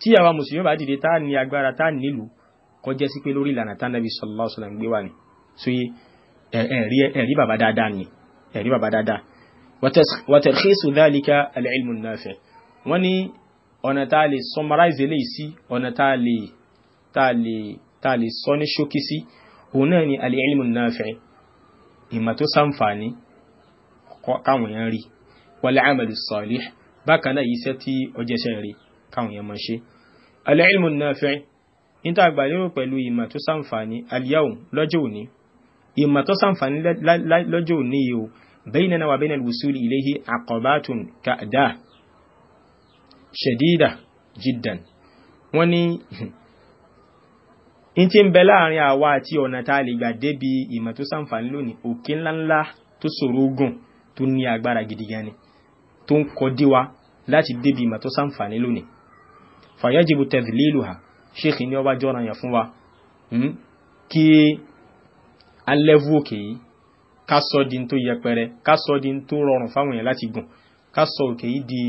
tí àwa mùsùlùmí bá dìde tá ní agbára tá nílùú kó jẹ́ sí pé lórí ìlànà tá nẹ́bì sallallahu alaihi wasallam gbé wà ní sóyè ẹ̀rí wọ́n ní ọ̀nà tá a lè summarize eléyìí sí ọ̀nà tá a lè tá a lè tá a lè sọ ní ṣókí sí òun náà ni al-ilmu nafi ìmọ̀ tó sàǹfààní káwọn èèyàn rí wal-amalu salih bákan náà yìí iṣẹ́ tí ọjọ́ iṣẹ́ rí káwọn èèyàn máa ṣe al-ilmu nafi níta àgbàlérò pẹ̀lú ìmọ̀ tó sàǹfààní al lọ́jọ́ òní ìmọ̀ tó sàǹfààní lọ́jọ́ òní yìí o baynana wa bayna al-wusuli ilayhi aqabatun ka'dah ṣẹ̀dídà jiddan wọ́n ní in ti ń bẹ láàrin àwa àti ọ̀nà tá a lè gbà débi ìmọ̀ tó sàǹfààní lónìí òkè ńláńlá tó ṣòro gùn tó ní agbára gidi gan ni tó ń kọ díwa láti débi ìmọ̀ tó sàǹfààní lónìí fàyájìbù tadhliluha sheikh ní ọba jọ́ra yàn fún wa hmm, kí alẹ́vù òkè yìí ká sọ di tó yẹpẹrẹ ká sọ di tó rọrùn fáwọn èèyàn láti gùn ká sọ òkè yìí di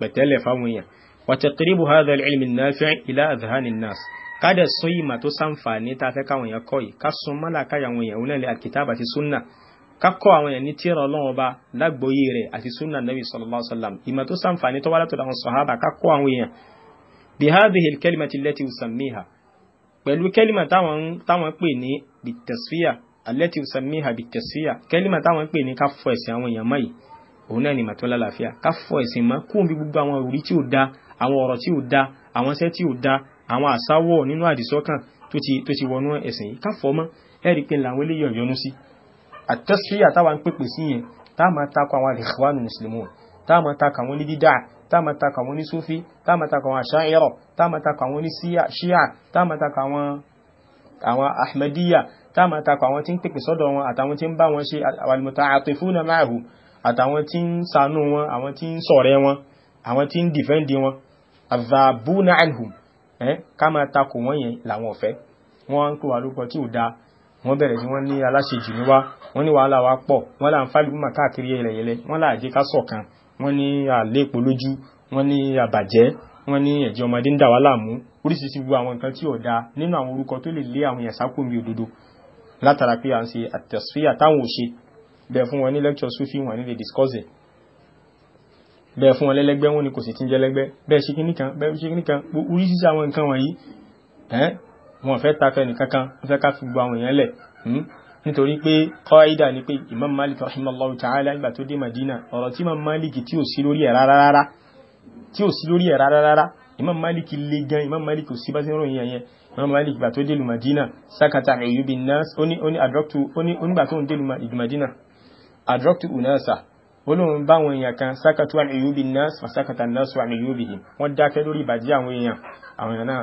pẹ̀tẹ́lẹ̀ fáwọn èèyàn wàtẹ̀kìrìbù hadha al-ilmi an-nafi' ila adhhan an-nas káàdẹ̀ sọ yìí mà tó sàǹfààní tá a fẹ́ káwọn èèyàn kọ́ yìí ká sun mọ́làkáyà àwọn èèyàn onílẹ̀ al-kitab àti sunna ká kọ́ àwọn èèyàn ní tírà Ọlọ́run Ọba lágbóyè rẹ̀ àti sunna nabi sallallahu alaihi wasallam ìmọ̀ tó sàǹfààní tó wá látọ̀dọ̀ àwọn òun náà ni mà tó lálàáfíà ká fọ ẹ̀sìn mọ́ kóńbi gbogbo àwọn òrí tí ò da àwọn ọ̀rọ̀ tí ò da àwọn iṣẹ́ tí ò da àwọn àsáwọ̀ nínú àdìsọ́kàn tó ti tó ti wọnú ẹ̀sìn yìí ká fọ mọ́ ẹ rí i pé làwọn eléyìí ọ̀yọ́nú sí àtẹ́sí àtàwọn ń pèpè sí yẹn tá a máa takọ àwọn àlèkùwánu mùsùlùmí tá a máa takọ àwọn onídídá tá máa takọ àwọn onísúfí tá máa takọ àwọn àṣàyẹrọ tá máa takọ àwọn oníṣíà tá máa takọ àwọn àtàwọn tí ń ṣàánú wọn àwọn tí ń ṣọ̀rẹ́ wọn àwọn tí ń dìfẹ́ǹdì wọn àzàbúnà anhum ẹ ká máa takò wọn yẹn làwọn ọ̀fẹ́ wọn ń pè wá lórúkọ tí ò dáa wọ́n bẹ̀rẹ̀ sí wọ́n ní aláṣejù ní wá wọ́n ní wàhálà wa pọ̀ wọ́n là ń fálùmọ̀ káàkiri yẹlẹyẹlẹ wọ́n là àjẹ́ ká ṣọ̀kan wọ́n ní àléèpo lójú wọ́n ní àbàjẹ́ wọ́n ní ẹ̀jẹ̀ ọmọdé ń dà wá láàmú oríṣiríṣi gbogbo àwọn nǹkan tí ò dáa nínú àwọn orúkọ tó lè lé àwọn èèyàn sákòmí òdodo látara pé à ń ṣe àtẹ̀síyà táwọn ò ṣe bẹ́ẹ̀ fún wọn ní lecture sufi wọn ní lè discuss fún wọn lẹ́lẹ́gbẹ́ wọn ni kò sì ti ń jẹ́ lẹ́gbẹ́ bẹ́ẹ̀ ṣe kíní kan bẹ́ẹ̀ ṣe kíní kan orí sísá àwọn nǹkan wọ̀nyí ẹ́ wọn fẹ́ ta fẹ́ nìkan kan wọn fẹ́ ká fi gbọ́ àwọn èèyàn lẹ̀ hm? nítorí pé qaida ni pé Imam Malik rahimallahu ta'ala ìgbà tó dé Madina ọ̀rọ̀ tí Imam Malik tí ò sí lórí ẹ̀ rárá tí ò sí lórí ẹ̀ rárá Imam Malik le gan Imam Malik ò sí bá sí ròyìn yẹn Imam Malik ìgbà tó dé lu Madina sakata ayyubin nas ó ní àdọ́ktu ó ní ìgbà tó ń dé lu Madina adrọ́kítù unasa olóhun báwọn èèyàn kan sákàtú àwọn èyúbì náà fàsákàtà náà sọ àwọn èyúbì yìí wọ́n dákẹ́ lórí ìbàjẹ́ àwọn èèyàn àwọn èèyàn náà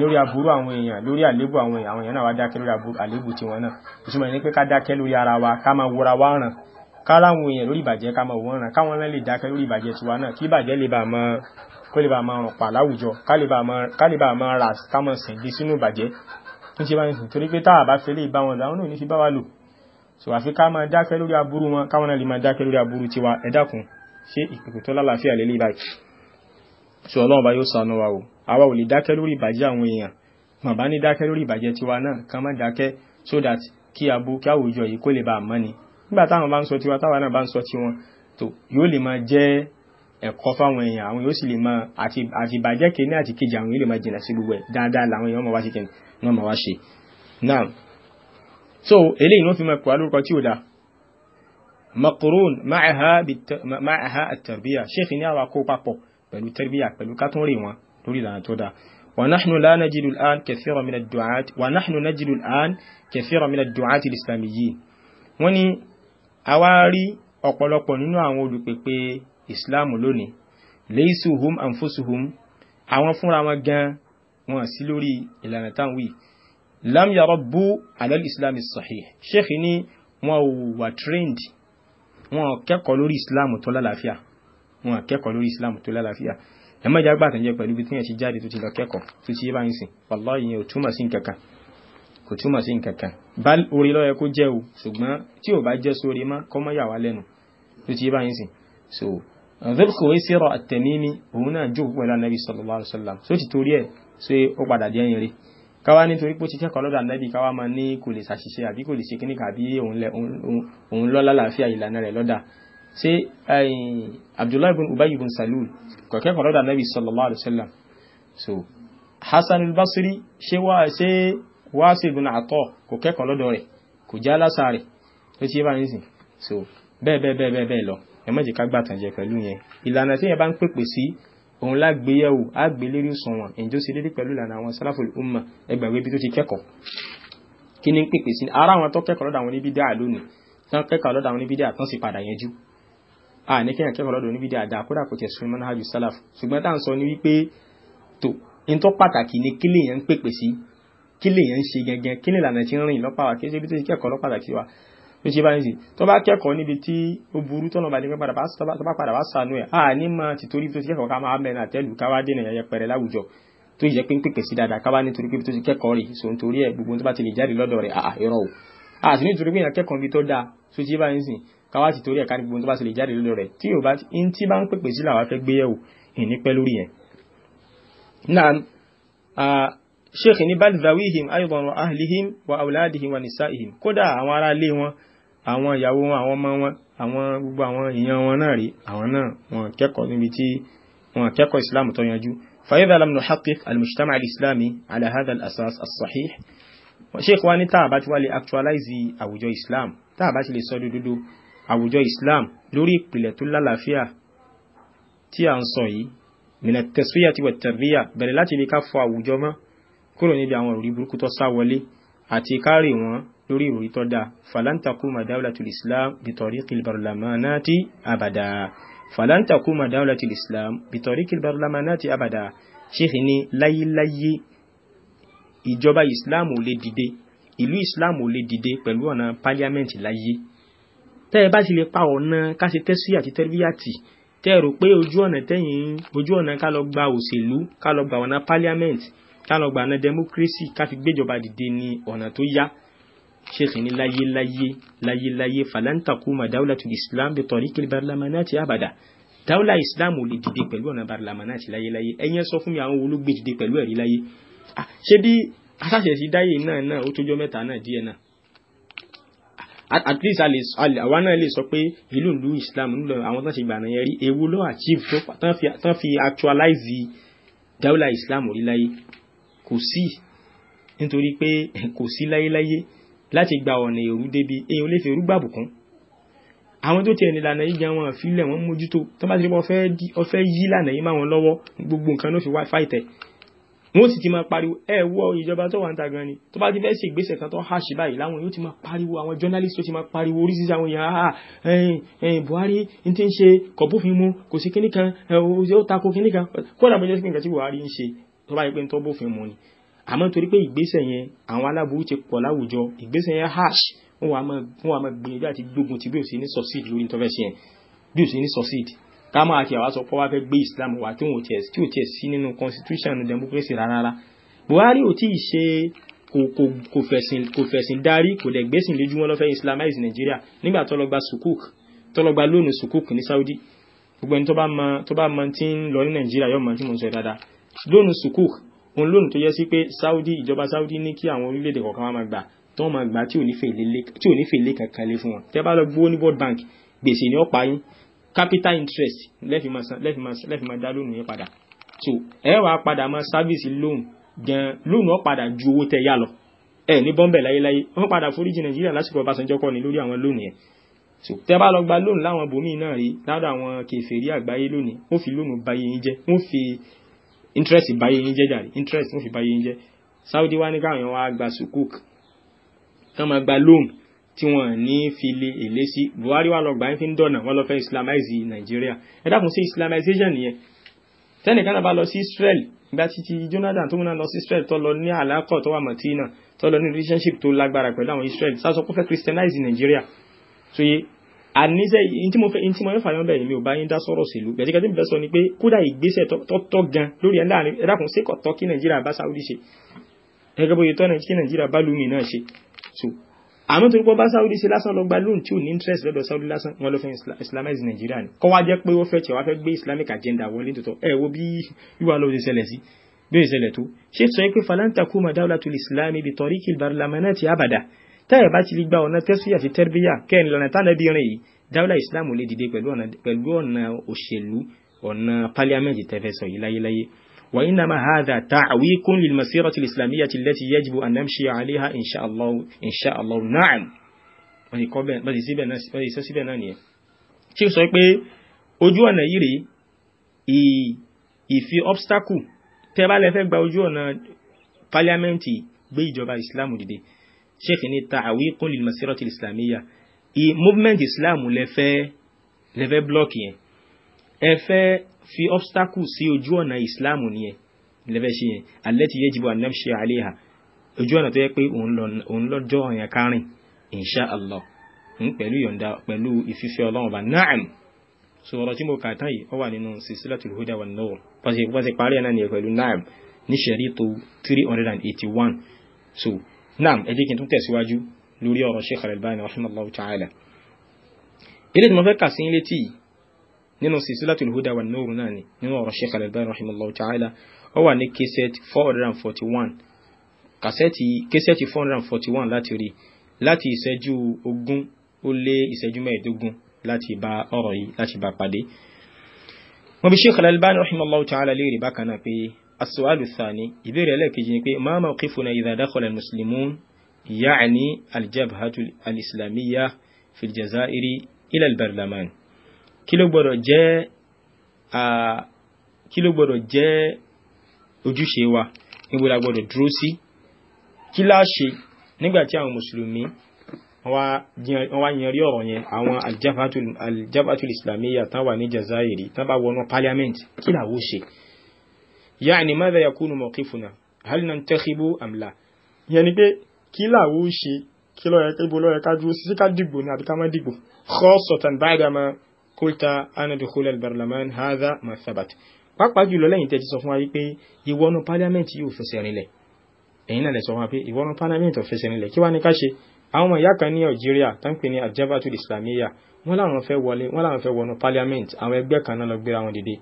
lórí aburú àwọn èèyàn lórí àlébù àwọn èèyàn àwọn èèyàn náà wá dákẹ́ lórí àlébù tí wọn náà ìtumọ̀ ní pé ká dákẹ́ lórí ara wa ká máa wọra wá ràn káláwọn èèyàn lórí ìbàjẹ́ ká máa wọ́n ràn káwọn náà lè dákẹ́ lórí ìbàjẹ́ tiwa náà kí ìbàjẹ́ lè bá máa kó lè bá máa ràn pa láwùjọ ká lè bá máa rà ká máa sìn sínú ìbàjẹ́ tó ṣe bá ń sìn torí pé táà bá fẹ́ lè bá wọn náà ní fi bá wa lò so àfi ká máa dákẹ́ lórí aburú wọn káwọn náà lè máa dákẹ́ lórí aburú tiwa ẹ dákun ṣé tó lálàáfíà lè lè báyìí so ọlọ́run bá yóò sànú wa o àwa ò lè dákẹ́ lórí ìbàjẹ́ àwọn èèyàn mà bá ní dákẹ́ lórí ìbàjẹ́ tiwa náà ká má dákẹ́ so that kí abu kí àwùjọ yìí kó lè bá a mọ́ ni nígbà táwọn bá ń sọ tiwa táwa náà bá ń sọ tiwọn tó yóò lè máa jẹ́ ẹ̀kọ́ fáwọn èèyàn àwọn yóò sì lè máa àti ìbàjẹ́ kéne àti kejì àwọn yóò lè máa jìnnà sí gbogbo ẹ̀ dáadáa làwọn èèyàn máa wá ṣe kẹ́ni wọ́n máa ṣe now so eléyìí ló fi máa pè wá lórúkọ tí ò dáa maqrun ma'aha ma'aha at-tarbiya sheikh ni àwa kó papọ̀ pẹ̀lú tarbiya pẹ̀lú kátó rè wọn lórí ìlànà tó dáa wa nahnu la najidu al-an kathira min ad-du'at wa nahnu najidu al-an kathira min ad-du'at rí ọ̀pọ̀lọpọ̀ nínú àwọn olùpèpè islam lónìí laysuhum anfusuhum àwọn fúnra wọn gan wọn sí lórí ìlànà táwọn wí lam yarabbu ala al-islam as-sahih sheikh ni wọn ò wà trained wọn kẹ́kọ̀ọ́ lórí islam tó lálàáfíà wọn kẹ́kọ̀ọ́ lórí islam tó lálàáfíà ẹ má jágbà tàn jẹ́ pẹ̀lú bí tíyàn ti jáde tó ti lọ kẹ́kọ̀ọ́ tó ti yé bá ń sìn wallahi yẹn ò túmọ̀ sí nǹkankan kò túmọ̀ sí nǹkankan bá orí lọ́yẹ kó jẹ́ o ṣùgbọ́n tí ò bá jẹ́ sórí má kọ́ káwá nítorí pé ó ti kẹ́kọ̀ọ́ lọ́dọ̀ ànábì káwá máa ní kò lè ṣàṣìṣe àbí kò lè ṣe kíní kàbí òun lọ́lá làáfíà ìlànà rẹ̀ lọ́dà ṣé abdullahi ibn ubay ibn salul kò kẹ́kọ̀ọ́ lọ́dọ̀ ànábì sallallahu alaihi so hasan al-basri ṣé wá ṣé wá sí ibn atọ kò kẹ́kọ̀ọ́ lọ́dọ̀ rẹ̀ kò já lásà so bẹ́ẹ̀ bẹ́ẹ̀ bẹ́ẹ̀ bẹ́ẹ̀ lọ ẹ má jẹ́ ká gbàtàn jẹ pẹ̀lú yẹn òun lágbéyẹ̀wò àgbélérí òṣùwọ̀n ǹjẹ́ ó ṣe déédéé pẹ̀lú ìlànà àwọn sálàfòlù umma ẹgbàgbé ibi tó ti kẹ́kọ̀ọ́ kí ni pèpè sí ara àwọn tó kẹ́kọ̀ọ́ lọ́dọ̀ àwọn oníbí dáa lónìí tán kẹ́kọ̀ọ́ lọ́dọ̀ àwọn oníbí dáa tán sì padà yẹjú a ní kẹ́yàn kẹ́kọ̀ọ́ lọ́dọ̀ oníbí dáa dáa kódà kò tẹ̀ sún mọ́nà hajj sálàf ṣùgbọ́n tá à ń sọ ni wípé tó in tó pàtàkì ni kí lèèyàn ń pèpè sí kí lèèyàn ń ṣe gẹ́gẹ́ kí lè lànà tí ń rìn lọ́pàá wa kí ṣe bí tó ti kẹ́kọ̀ọ́ lọ́pàá ó ṣe báyìí sí tó bá kẹ́kọ̀ọ́ níbi tí ó burú tọ́nà bá nípa padà bá padà bá sànú ẹ̀ a ní máa ti torí tó ti kẹ́kọ̀ọ́ ká máa mẹ́rin àtẹ́lù ká wá dènà yẹyẹ pẹ̀rẹ̀ láwùjọ tó yẹ pé ń pèpè sí dáadáa ká wá nítorí pé tó ti kẹ́kọ̀ọ́ rè so nítorí ẹ̀ gbogbo tó bá ti lè jáde lọ́dọ̀ rẹ̀ àà irọ́ o a sì nítorí pé èèyàn kẹ́kọ̀ọ́ ibi tó dáa tó sheikh ní bal zawihim aydan wa ahlihim wa auladihim wa nisaihim kódà àwọn ará ilé wọn àwọn ìyàwó wọn àwọn ọmọ wọn àwọn gbogbo àwọn èèyàn wọn náà rí àwọn náà wọn kẹ́kọ̀ọ́ níbi tí wọn kẹ́kọ̀ọ́ islam tó yanjú فإذا لم نحقق المجتمع الإسلامي على هذا الأساس الصحيح شيخ واني تعبت ولي actualize àwùjọ Islam تعبت لي sọ dúdú àwùjọ Islam lórí ìpìlẹ̀ tó lálàáfíà tí a ń sọ yìí من التسوية والتربية bẹ̀rẹ̀ láti lè ká fọ àwùjọ mọ́ kúrò níbi àwọn òrí burúkú tó sá wọlé àti kárí wọn lórí ìròrí tó dáa falantaku madawlatul islam bitoriqil barlamanati abada falantaku madawlatul islam bitoriqil barlamanati abada ṣéèkì ní láyéláyé ìjọba islam ò lè dìde ìlú islam ò lè dìde pẹ̀lú ọ̀nà pálíámẹ́ǹtì láyé tẹ́ ẹ bá ti lè pa ọ̀nà káṣe tẹ́sí àti tẹ́lifíyàtì tẹ́ ẹ rò pé ojú ọ̀nà tẹ́yìn ojú ọ̀nà ká lọ gba òṣèlú ká lọ gba ọ̀nà pálíámẹ́ǹtì ká lọ gbàna democracy ká fi gbéjọba dìde ní ọ̀nà tó yá sheikh ni láyé láyé láyé láyé to Islam tu islam bi tariqil barlamanati abada dawla islam ò lè dìde pẹ̀lú ọ̀nà barlamanati láyé láyé ẹ̀yin sọ fún mi àwọn olóògbé dìde pẹ̀lú ẹ̀rí láyé ṣé bí aṣáṣẹ̀sí dáyé náà náà ó tójọ́ mẹ́ta náà díẹ̀ náà at least àwa náà lè sọ pé ìlú ìlú islam ńlọ àwọn tó ń ṣe gbàna yẹn rí ewu ló achieve tán fi actualize dawla islam orí láyé kò sí nítorí pé kò sí láyéláyé láti gba ọ̀nà èrú débi èèyàn lè fi èrú gbàbùkún àwọn tó tiẹ̀ nílànà yìí gan wọn fílẹ̀ wọn mójútó tó bá ti rí pé ọfẹ́ yí lànà yìí máa wọn lọ́wọ́ gbogbo nǹkan ló fi wá fáìtẹ̀ wọn sì ti máa pariwo ẹ wọ ìjọba tó wà ń ta gan ni tó bá ti fẹ́ ṣe ìgbésẹ̀ kan tó hà sí báyìí láwọn yóò ti máa pariwo àwọn jọ́nálìsì tó ti máa pariwo orí sísá àwọn èèyàn ah, ah Buhari n ti ń ṣe kọ̀bófin mu kò sí kíníkan ó tako kíníkan kódà bó jẹ́ sí nǹkan tí Buhari ń ṣe tó bá yẹ pé ń tọ́ bófin mu ni àmọ́ torí pé ìgbésẹ̀ yẹn àwọn aláburú ti pọ̀ láwùjọ ìgbésẹ̀ yẹn harsh wọn wà máa gbìyànjú àti gbógun ti bí ò sí ní succeed lórí nítorí ẹ̀sìn yẹn bí ò ní succeed ká máa ti àwa sọ pé wá fẹ́ gbé Islam wá tí ò tiẹ̀ sí nínú constitution democracy rárá Buhari ò tí ì ṣe kò fẹ̀sìn kò fẹ̀sìn darí kò dẹ̀ gbẹ́sìn lójú wọn lọ́fẹ́ islamize Nigeria nígbà tó lọ sukuk tó lọ gba lónìí sukuk ní Saudi gbogbo ẹni tó bá mọ tí ń lọ ní Nigeria yóò mọ tí mo ń sọ dáadáa lónù sukuk òun lónù tó yẹ sí pé Saudi ìjọba Saudi ní kí àwọn orílẹ̀-èdè kọ̀ọ̀kan wá máa gbà tó wọ́n máa gbà tí ò ní fèlé kankan lé fún wọn tẹ́ bá lọ gbówó ní World Bank gbèsè ni ó pa yín capital interest lẹ́fì máa dá lónù yẹn padà so ẹ wàá padà máa sáfíìsì lónù gan lónù ó padà ju owó tẹ́ yá lọ ẹ ní bọ́m̀bẹ̀ láyéláyé wọ́n padà foríjì nàìjíríà lásìkò ọbásanjọ́ kọ́ ni lórí àwọn lónìí ẹ̀ so tẹ́ bá lọ gba lónìí láwọn bòmí náà rí ládà àwọn kèfèrí àgbáyé lónìí wọ́n fi lónìí ba yín jẹ́ wọ́n fi interest ìbáyé yín jẹ́ jàre interest ń fi báyé yín jẹ́ Saudi wá ní káwọn èèyàn wá gba sukuk kán máa gba loan tí wọ́n ní fi lé èlé sí Buhari wá lọ gbà ń fi ń dọ̀nà wọ́n lọ fẹ́ islamize Nàìjíríà ẹ dákun sí islamization nìyẹn tẹ́nìkan náà bá lọ sí Israel ìgbà títí Jonathan tó múná lọ sí Israel tó lọ ní àlákọ̀ tó wà mọ̀tínà tó lọ ní relationship tó lágbára pẹ̀lú àwọn Israel sá sọ pé fẹ́ christianize Nàìjíríà tó yé àníṣe tí mo fẹ́ tí mo fẹ́ fàyọ́ bẹ́ẹ̀ mi ò bá yín dá sọ̀rọ̀ sílùú bẹ̀rẹ̀ kẹ́tẹ́ mi fẹ́ sọ ni pé kódà ìgbésẹ̀ tọ́tọ́ gan lórí ẹ̀ láàrin ẹ̀dàkùn sí kọ̀tọ́ kí nàìjíríà bá sáúdí ṣe gẹ́gẹ́ bóyá tọ́ kí nàìjíríà bá lùmí náà ṣe so àmọ́ torí pé bá sáúdí ṣe lásán lọ gba tí ò ní interest lọ́dọ̀ sáúdí lásán wọn ló fẹ́ islamize nàìjíríà ni kọ́ wá jẹ́ pé ó fẹ́ tí wàá fẹ́ gbé islamic agenda wọlé tòótọ́ ẹ wo bí wíwá lọ́wọ́ ṣe ṣẹlẹ̀ sí bí ó ṣẹlẹ̀ tó ṣe sọ pé falanta kuma dawlatul islami bi tariqil barlamanati abada tẹ́yẹ̀ bá ti lè gba ọ̀nà tẹ́síyà ti tẹ́rbíyà kẹ́ni lọ́nà tánàbí rìn yìí dáwọ́lá ìsìláàmù lè dìde pẹ̀lú ọ̀nà òṣèlú ọ̀nà pálíámẹ́ǹtì tẹ́fẹ́ sọ yìí láyéláyé وإنما هذا تعويق للمسيرة الإسلامية التي يجب أن نمشي عليها إن شاء الله إن شاء الله نعم tí ó sọ pé ojú ọ̀nà yìí rèé ìfi obstacle tẹ́ bá lè fẹ́ gba ojú ọ̀nà pálíámẹ́ǹtì gbé ìjọba ìsìláàmù sheikh ní ta'awiqun lil masirati islamiyya i movement islam lẹ́fẹ́ lẹ́fẹ́ blọ́ọ̀kì yẹn ẹ fẹ́ fi obstacle sí ojú ọ̀nà islam nìyẹn lẹ́fẹ́ ṣe yẹn allati yajibu an namshi 'alayha ojú ọ̀nà tó yẹ pé òun lọ́jọ́ ọ̀yàn kárìn insha allah ń pẹ̀lú yọ̀ǹda pẹ̀lú ìfífẹ́ ọlọ́run bá na'am sọ̀rọ̀ tí mo kà tán yìí ó wà nínú silsilatul huda wan nur pàṣẹ pàṣẹ parí ẹ̀ náà nìyẹn pẹ̀lú na'am ní ṣẹ̀rí tó 381 so naam ẹ jẹ́ kí n tún tẹ̀síwájú lórí ọ̀rọ̀ Sheikh Al-Albani rahimahullahu ta'ala ilé tí mo fẹ́ kà sí ilé tí nínú Silsilatul Huda wan Nur náà ni nínú 441 kàsẹ́tì kẹsẹ̀tì 441 láti rí láti ìṣẹ́jú ogún ó lé ìṣẹ́jú mẹ́ẹ̀ẹ́dógún láti bá ọ̀rọ̀ yìí láti bá pàdé wọ́n bí Sheikh Al-Albani السؤال الثاني إبير لك جنكي ما موقفنا إذا دخل المسلمون يعني الجبهة الإسلامية في الجزائر إلى البرلمان كيلو بورو جي آه كيلو بورو جي ojúṣe wa níbo la gbọdọ̀ dúró sí kí láṣe nígbà tí àwọn mùsùlùmí wọ́n wá yanrí ọ̀rọ̀ yẹn àwọn aljabatul islamiyya tán wà ní jazairi tán bá wọnú parliament kí làwọ́ ṣe yáàni mada yakunu mawqifuna hal nantakhibu am la ìyẹn ni pé kí làwọn ó ṣe kí lọ́yẹ ká ibo lọ́yẹ ká dúró sí ká dìgbò ní àbí ká má dìgbò khasatan ba'dama qulta ana dukhul al-barlaman hadha ma thabat pàápàá jùlọ lẹ́yìn tẹ́ ti sọ fún wa pé ìwọ́nú parliament yóò fẹsẹ̀ rinlẹ̀ ẹ̀yin náà lè sọ fún wa pé ìwọ́nú parliament ò fẹsẹ̀ rinlẹ̀ kí wá ní ká ṣe àwọn ọmọ ìyá kan ní Algeria tó pè ní al Islamiyya wọ́n láwọn fẹ́ wọlé wọ́n láwọn fẹ́ wọnú parliament àwọn ẹgbẹ́ kan náà lọ gbéra wọn dìde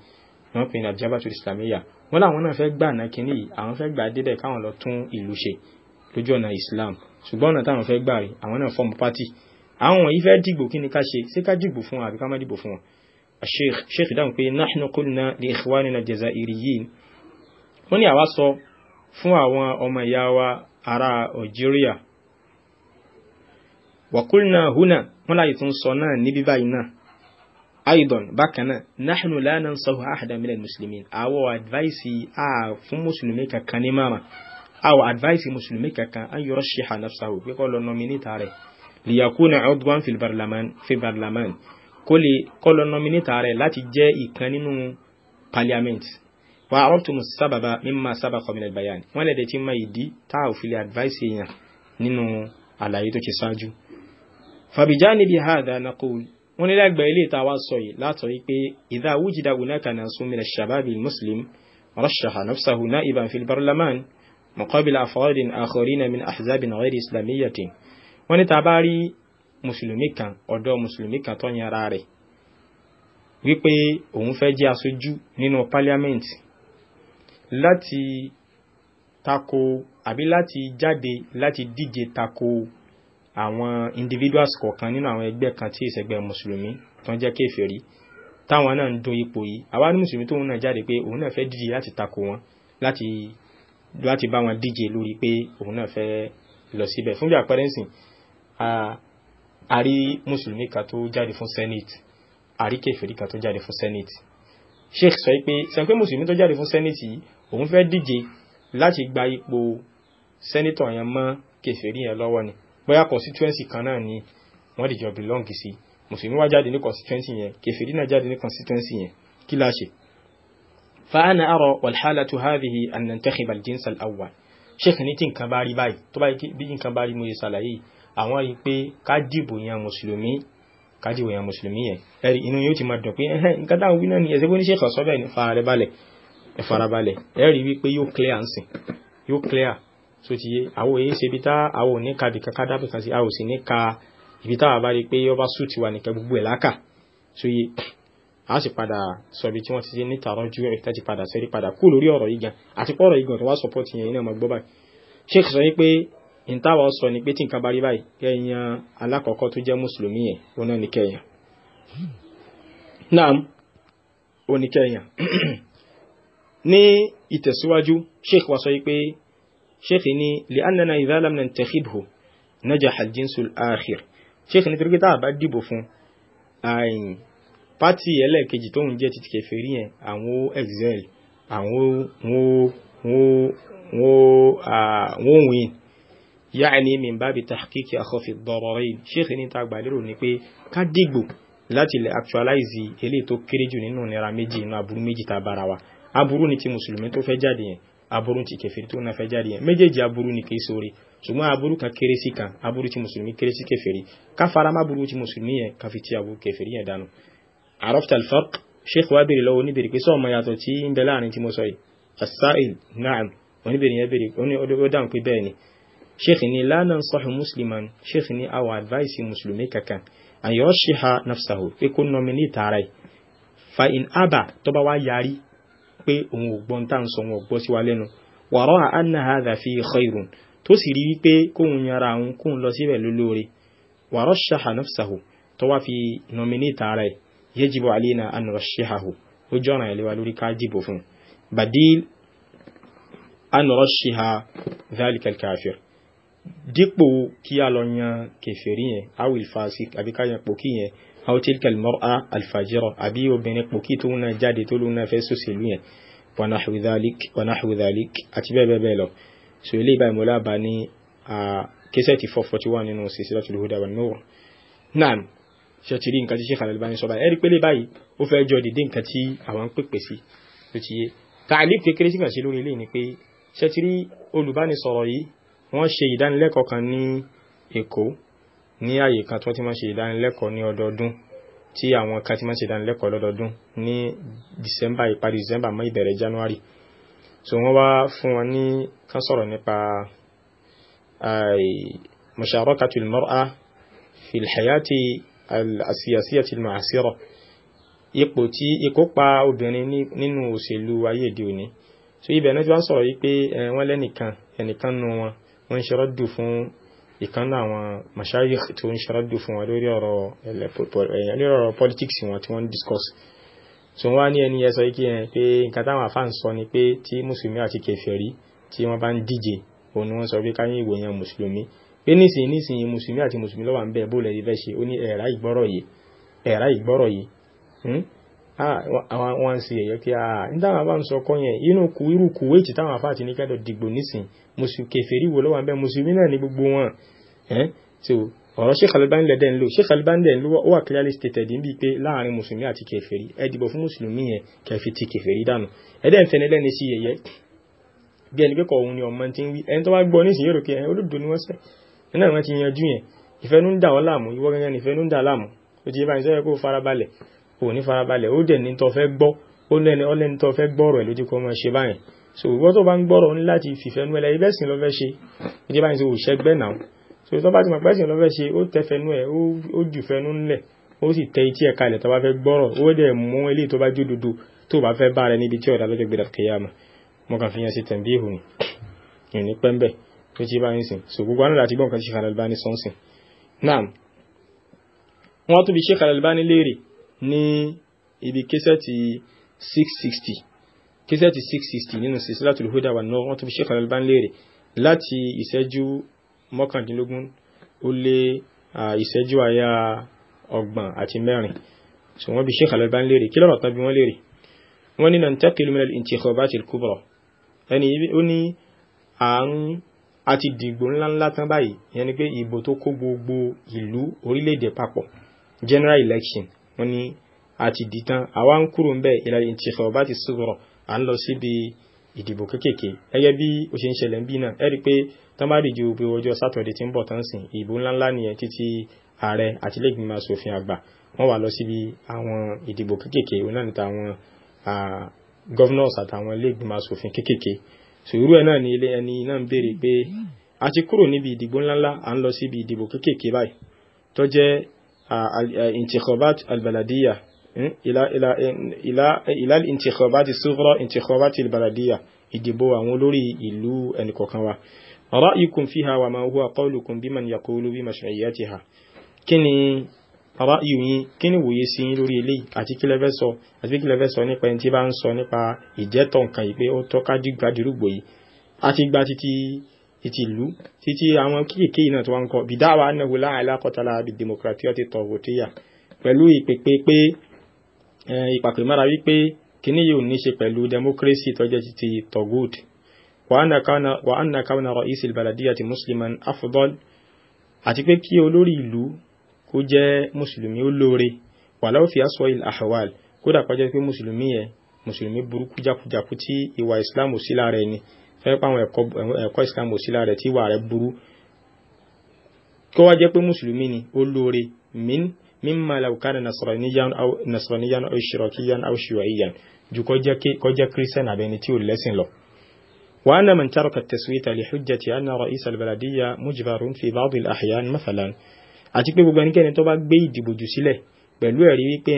wọ́n pè ní al Islamiyya wọ́n láwọn náà fẹ́ gbà ná kínní yìí àwọn fẹ́ gbà débẹ̀ káwọn lọ tún ìlú ṣe lójú ọ̀nà Islam ṣùgbọ́n ọ̀nà táwọn fẹ́ gbà rí àwọn náà fọ́ọ̀mù pátì àwọn wọ̀nyí fẹ́ dìgbò kí ni ká ṣe ṣé ká dìgbò fún wọn àbí ká má dìgbò fún wọn. sheikh dáhùn pé nahnu qulna li ikhwanina al-jazairiyyin wọ́n ní àwa sọ fún àwọn ọmọ ìyá wa ará Algeria wa qulna huna wọ́n láyé tún sọ náà níbí báyìí náà aidan bákan náà nahnu la nansahu ahadan minal muslimin àwọn advice a fún mùsùlùmí kankan ní mara àwọn advice mùsùlùmí kankan an yurashiha nafsahu pé kó lọ nominate rẹ̀ liyakuna udwan fil barlaman fil barlaman kó lè kó lọ nominate rẹ̀ láti jẹ́ ìkan nínú parliament wa arabtum sábàbà mimma sabaqa minal bayan wọ́n lè dẹ̀ ti máa ìdí tá a ò fi lè advice èèyàn nínú àlàyé tó ti ṣáájú fàbíjáni bí hàdà naqul wọ́n ní lágbàá ilé ìta wa sọ yìí látọ̀ yìí pé idha wujida hunaka nasun mina shababi muslim rashaha nafsahu na'iban fil barlaman muqabila afradin akharina min ahzabin ghayri islamiyyatin wọ́n ní tá bá rí mùsùlùmí kan ọ̀dọ́ mùsùlùmí kan tó yan ara rẹ̀ wípé òun fẹ́ jẹ́ aṣojú nínú parliament láti tako àbí láti jáde láti díje tako àwọn individuals kọ̀ọ̀kan nínú àwọn ẹgbẹ́ kan tí ìṣẹ̀gbẹ́ mùsùlùmí tó ń jẹ́ kèfèrí táwọn náà ń dún ipò yìí àwa ní mùsùlùmí tóun náà jáde pé òun náà fẹ́ díje láti takò wọn láti láti bá wọn díje lórí pé òun náà fẹ́ lọ síbẹ̀ fún bí àpẹẹrẹ ńsìn a rí mùsùlùmí kan tó jáde fún senate a rí kèfèrí kan tó jáde fún senate sheikh sọ pé sẹ́ńpé mùsùlùmí tó jáde fún senate yìí òun fẹ́ díje láti gba ipò sẹ́nitọ̀ yẹn mọ́ kèfèrí yẹn lọ́wọ́ ni bóyá constituency kan náà ni wọ́n dìjọ belong sí mùsùlùmí wá jáde ní constituency yẹn kèfèrí náà jáde ní constituency yẹn kí la ṣe. fa'ana arọ walhalatu hadhihi an nantakhiba al-jins al-awwal sheikh ní tí nǹkan bá rí báyìí tó bá bí nǹkan bá rí mo yẹ ṣàlàyé àwọn rí pé ká dìbò mùsùlùmí ká dìbò mùsùlùmí yẹn ẹ̀rí inú yóò ti máa dùn pé ẹ̀hẹ́ nǹkan táwọn wí náà ni ẹ̀sẹ̀ bóníṣe kan sọ́bẹ̀ ní farabalẹ̀ ẹ̀farabalẹ̀ ẹ̀rí wípé yóò clear yóò clear so ti yé àwọn èyí ṣe ibi tá àwọn ò ní ka bìkan ká dábìkan sí a ò sì ní ka ibi táwọn bá rí i pé ọba sùn ti wà nìkan gbogbo ẹ̀ láka so yé a sì padà sọ ibi tí wọ́n ti ṣe ní tààrọ́ ju ẹ̀ tẹ́tí padà sẹ́rí padà kú lórí ọ̀rọ̀ yìí gan àti pọ̀ ọ̀rọ̀ yìí gan tó wá support yẹn iná máa gbọ́ báyìí sheikh sọ pé ìntàwọ̀ sọ ni pé tí nǹkan bá rí báyìí kẹ́yìn alákọ̀ọ́kọ́ tó jẹ́ mùsùlùmí yẹn òun náà ní kẹ́yìn naam oníkẹ́yìn ní ìtẹ̀síwájú sheikh wa sọ pé sheikh ni li'annana idha lam nantakhibhu najaha al-jinsu al-akhir sheikh ni tiriki tá a bá dìbò fún ayin pati ẹlẹ́ẹ̀kejì tó ń jẹ́ títí kèfèrí yẹn àwọn excel àwọn wọ́n win yáàni min babi tahqiqi akhafi ad-dararayn sheikh ni tá a gbà lérò ni pé ká dìgbò láti lè actualize eléyìí tó kéré jù nínú ìnira méjì nínú aburú méjì tá a bára wa aburú ni ti mùsùlùmí tó fẹ́ jáde yẹn aburú ti kèfèrí tó náà fẹ́ jáde yẹn méjèèjì aburú ni kì í sóore ṣùgbọ́n aburú kan kéré sí kan aburú ti mùsùlùmí kéré sí kèfèrí ká fara má aburú ti mùsùlùmí yẹn ká fi ti aburú kèfèrí yẹn dànù. arafta al-farq sheikh wa béèrè lọ́wọ́ oníbèrè pé sọ́ọ̀mọ yàtọ̀ tí ń bẹ láàrin tí mo sọ yìí as-sa'il na'am oníbèrè yẹn béèrè ó dáhùn pé bẹ́ẹ̀ ni sheikh ni la nansahu musliman sheikh ni awa advice mùsùlùmí kankan an yurashiha nafsahu pé kó nominate fa in aba tó bá wá yarí pé òun ò gbọ́n tá à ń sọ wọn ò gbọ́ sí wa lẹ́nu wàrọ́ àánà hàdà fi khairun tó sì rí wípé kóun yanra òun kóun lọ síbẹ̀ lólóore wàrọ́ ṣaha nafsahu tó wá fi nominate ara ẹ̀ yajibu alina an rashihahu ó jọ́ràn ẹ̀lẹ́wà lórí ká dìbò fún badil an rashiha dhalika al-kafir dípò kí a lọ yan kèfèrí yẹn awil fasik àbíkáyàn yẹn aw tilka al-mar'a al-fajira àbí obìnrin pòkì tó náà jáde tó lóun náà fẹ́ sòṣèlú yẹn wa nahwi dhalik wa nahwi dhalik àti bẹ́ẹ̀ bẹ́ẹ̀ bẹ́ẹ̀ lọ so ilé ìbáyìí mọ́lá bá ní kẹsẹ̀ ti four forty one nínú silsilatul huda wan nur naam ṣètìrí nǹkan tí Sheikh Al-Albani sọ báyìí ẹ̀rí pélé báyìí ó fẹ́ jọ dìde nǹkan tí àwọn ń pèpè sí ló ti yé tààlí kékeré sí kàṣe lórí eléyìí ni pé ṣètìrí olùbánisọ̀rọ̀ yìí wọ́n ṣe ìdánilẹ́kọ̀ọ́ kan ní Èkó ní àyè kan tí wọ́n ti máa ń ṣe ìdánilẹ́kọ̀ọ́ ní ọdọọdún tí àwọn kan ti máa ṣe ìdánilẹ́kọ̀ọ́ lọ́dọọdún ní December ìparí December mọ́ ìbẹ̀rẹ̀ January so wọ́n wá fún wọn ní kán sọ̀rọ̀ nípa musharakatul mar'a fil hayati al-siyasiyati al-ma'asira ipò tí ìkópa obìnrin nínú òṣèlú ayé òde òní so ibẹ̀ náà ti wá sọ̀rọ̀ yìí pé wọ́n lẹ́nìkan ẹnìkan nu wọn wọ́n ń ṣe rọ́dù fún ìkan náà àwọn mashayikh tó ń ṣaradù fún wa eh, eh, lórí ọ̀rọ̀ politics wọn tí wọ́n ń discuss so wọ́n wá ní ẹni ẹsọ ikí yẹn eh, pé nǹkan táwọn afáàn sọ ni pé tí mùsùlùmí àti kèfèrí tí wọ́n bá ń díje òun ni wọ́n sọ pé káyín ìwò yẹn mùsùlùmí pé nísìnyí nísìnyí mùsùlùmí àti mùsùlùmí lọ́wọ́ à ń bẹ̀ bóòlù ẹ̀rí fẹ́ ṣe ó ní ẹ̀rá ìgbọ́rọ̀ yìí ẹ̀rá ìgbọ́rọ̀ yìí hmm? àwọn wọn sí ẹ̀yọ́ kí àà ní táwọn bá ń sọ kọ́ yẹn inú ku irú Kuwait táwọn afá ti ní kẹ́dọ̀ dìgbò nísìn mùsùlùmí kèfèrí wo lọ́wọ́ bẹ́ẹ̀ mùsùlùmí náà ní gbogbo wọn eh, so ọ̀rọ̀ Sheikh Albani lẹ́dẹ̀ ń lò Sheikh Albani lẹ́dẹ̀ ń lò ó wà clearly stated níbi pé láàrin mùsùlùmí àti kèfèrí ẹ dìbò fún mùsùlùmí yẹn kẹfì ti kèfèrí dànù ẹ̀dẹ̀ ń fẹ́ni lẹ́ni sí yẹyẹ bí ẹni pé kọ̀ òun ni ọmọ ti ń wí ẹni ò ní farabalẹ̀ ó dẹ̀ ní tó fẹ́ gbọ́ ó lẹ́ni ọlẹ́ni tó fẹ́ gbọ́rọ̀ ẹ̀ lójú kó máa ṣe báyìí so ìwọ́n tó bá ń gbọ́rọ̀ ní láti fìfẹ́ nú ẹlẹ́ ibẹ̀ sìn lọ́fẹ́ ṣe ìdí báyìí sí òṣẹ́ gbẹ́ náà so tó bá ti mọ̀ pẹ́ sìn lọ́fẹ́ ṣe ó tẹ́fẹ́ nú ẹ̀ ó jùfẹ́ nú ńlẹ̀ ó sì tẹ etí ẹ̀ kalẹ̀ tó bá fẹ́ gbọ́rọ̀ ó dẹ̀ mú eléyìí tó bá jó dodo tó bá fẹ́ bá rẹ níbi tí ọ̀dà lọ́jọ́ gbéra kẹyàmà mo kàn fi yẹn sí tẹ̀m̀bí ìhù ni ìrìn ní pẹ́ńbẹ̀ tó ti bá ń sìn so gbogbo àná láti gbọ́n kan ti ṣe Al-Albani sọ́nsìn náà wọ́n tún fi ṣe Al-Albani léèrè ní ibi kẹsẹ̀tì 660 kẹsẹ̀tì 660 nínú silsilatul huda wan nur wọ́n tún fi Sheikh Al-Albani léèrè láti ìṣẹ́jú mọ́kàndínlógún ó lé ìṣẹ́jú àyà ọgbọ̀n àti mẹ́rin so wọ́n bi Sheikh Al-Albani léèrè kí lọ́rọ̀ tán bí wọ́n léèrè wọ́n ní nantaqilu min al-intikhabatil kubra ẹni ó ní àrùn àti dìgbò ńláńlá tán báyìí ìyẹn ni pé ìbò tó kó gbogbo ìlú orílẹ̀-èdè papọ̀ general election wọ́n ní a ti di tán àwa ń kúrò ń bẹ̀ ìlànà intikhabati sughra à ń lọ síbi ìdìbò kéékèèké gẹ́gẹ́ bí ó ṣe ń ṣẹlẹ̀ ń bí náà ẹ rí i pé tán bá dìjú pé ọjọ́ sátọ̀dé ti ń bọ̀ tán sìn ìbò ńláńlá nìyẹn títí ààrẹ àti ilégbìmọ̀ asòfin àgbà wọ́n wà lọ síbi àwọn ìdìbò kéékèèké òun náà níta àwọn governors àtàwọn ilégbìmọ̀ asòfin kéékèèké sòwúrú ẹ̀ náà ni ilé ẹni náà ń béèrè pé a ti kúrò níbi ìdìbò ńláńlá à ń lọ síbi ìdìbò kéékèèké báyìí tó jẹ́ الانتخابات البلدية إلى إلى إلى إلى الانتخابات الصغرى انتخابات البلدية ìdìbò àwọn olórí ìlú ẹnìkọ̀ọ̀kan wa ra'yukum fiha wa ma huwa qawlukum biman yaqulu bi mashru'iyyatiha kí ni ra'yu yín kí ni wòye sí yín lórí eléyìí àti kí lẹ́fẹ́ sọ àti kí lẹ́fẹ́ sọ nípa ẹni tí bá ń sọ nípa ìjẹ́tọ̀ nǹkan yìí pé ó tọ́ka dìgbà dìrúgbò yìí àti gba títí títí ìlú títí àwọn kéékèèké yìí náà tí wọ́n ń kọ́ bìdáwà náà láàrin alákọ̀tàlá àbí democratia ti tọ̀ wòtíyà pẹ̀lú ìpèpè pé ìpàpè mára wípé kíní yìí ò ní ṣe pẹ̀lú democracy tọ́jọ́ títí tọ̀gùd wa anna kauna ra'isil baladiyati musliman afdal àti pé kí olórí ìlú kó jẹ́ mùsùlùmí ó lóore walau fi aswa il ahwal kódà kọjá pé mùsùlùmí yẹn mùsùlùmí burúkú jákujáku tí ìwà ìsìlámù sí lára ẹni fẹ́ pa àwọn ẹ̀kọ́ Islam ò sí lára rẹ̀ tí ìwà rẹ̀ burú kí wọ́n jẹ́ pé mùsùlùmí ni ó lóore min mimma law kana nasraniyan aw nasraniyan aw shirakiyan aw shiwaiyan jẹ́ christian abẹni tí ò lẹ́sìn lọ. وأن من ترك التسويت لحجة أن رئيس البلدية مجبر في بعض الأحيان مثلا àti pé gbogbo ẹnikẹ́ni tó bá gbé ìdìbò jù sílẹ̀ pẹ̀lú ẹ̀rí wípé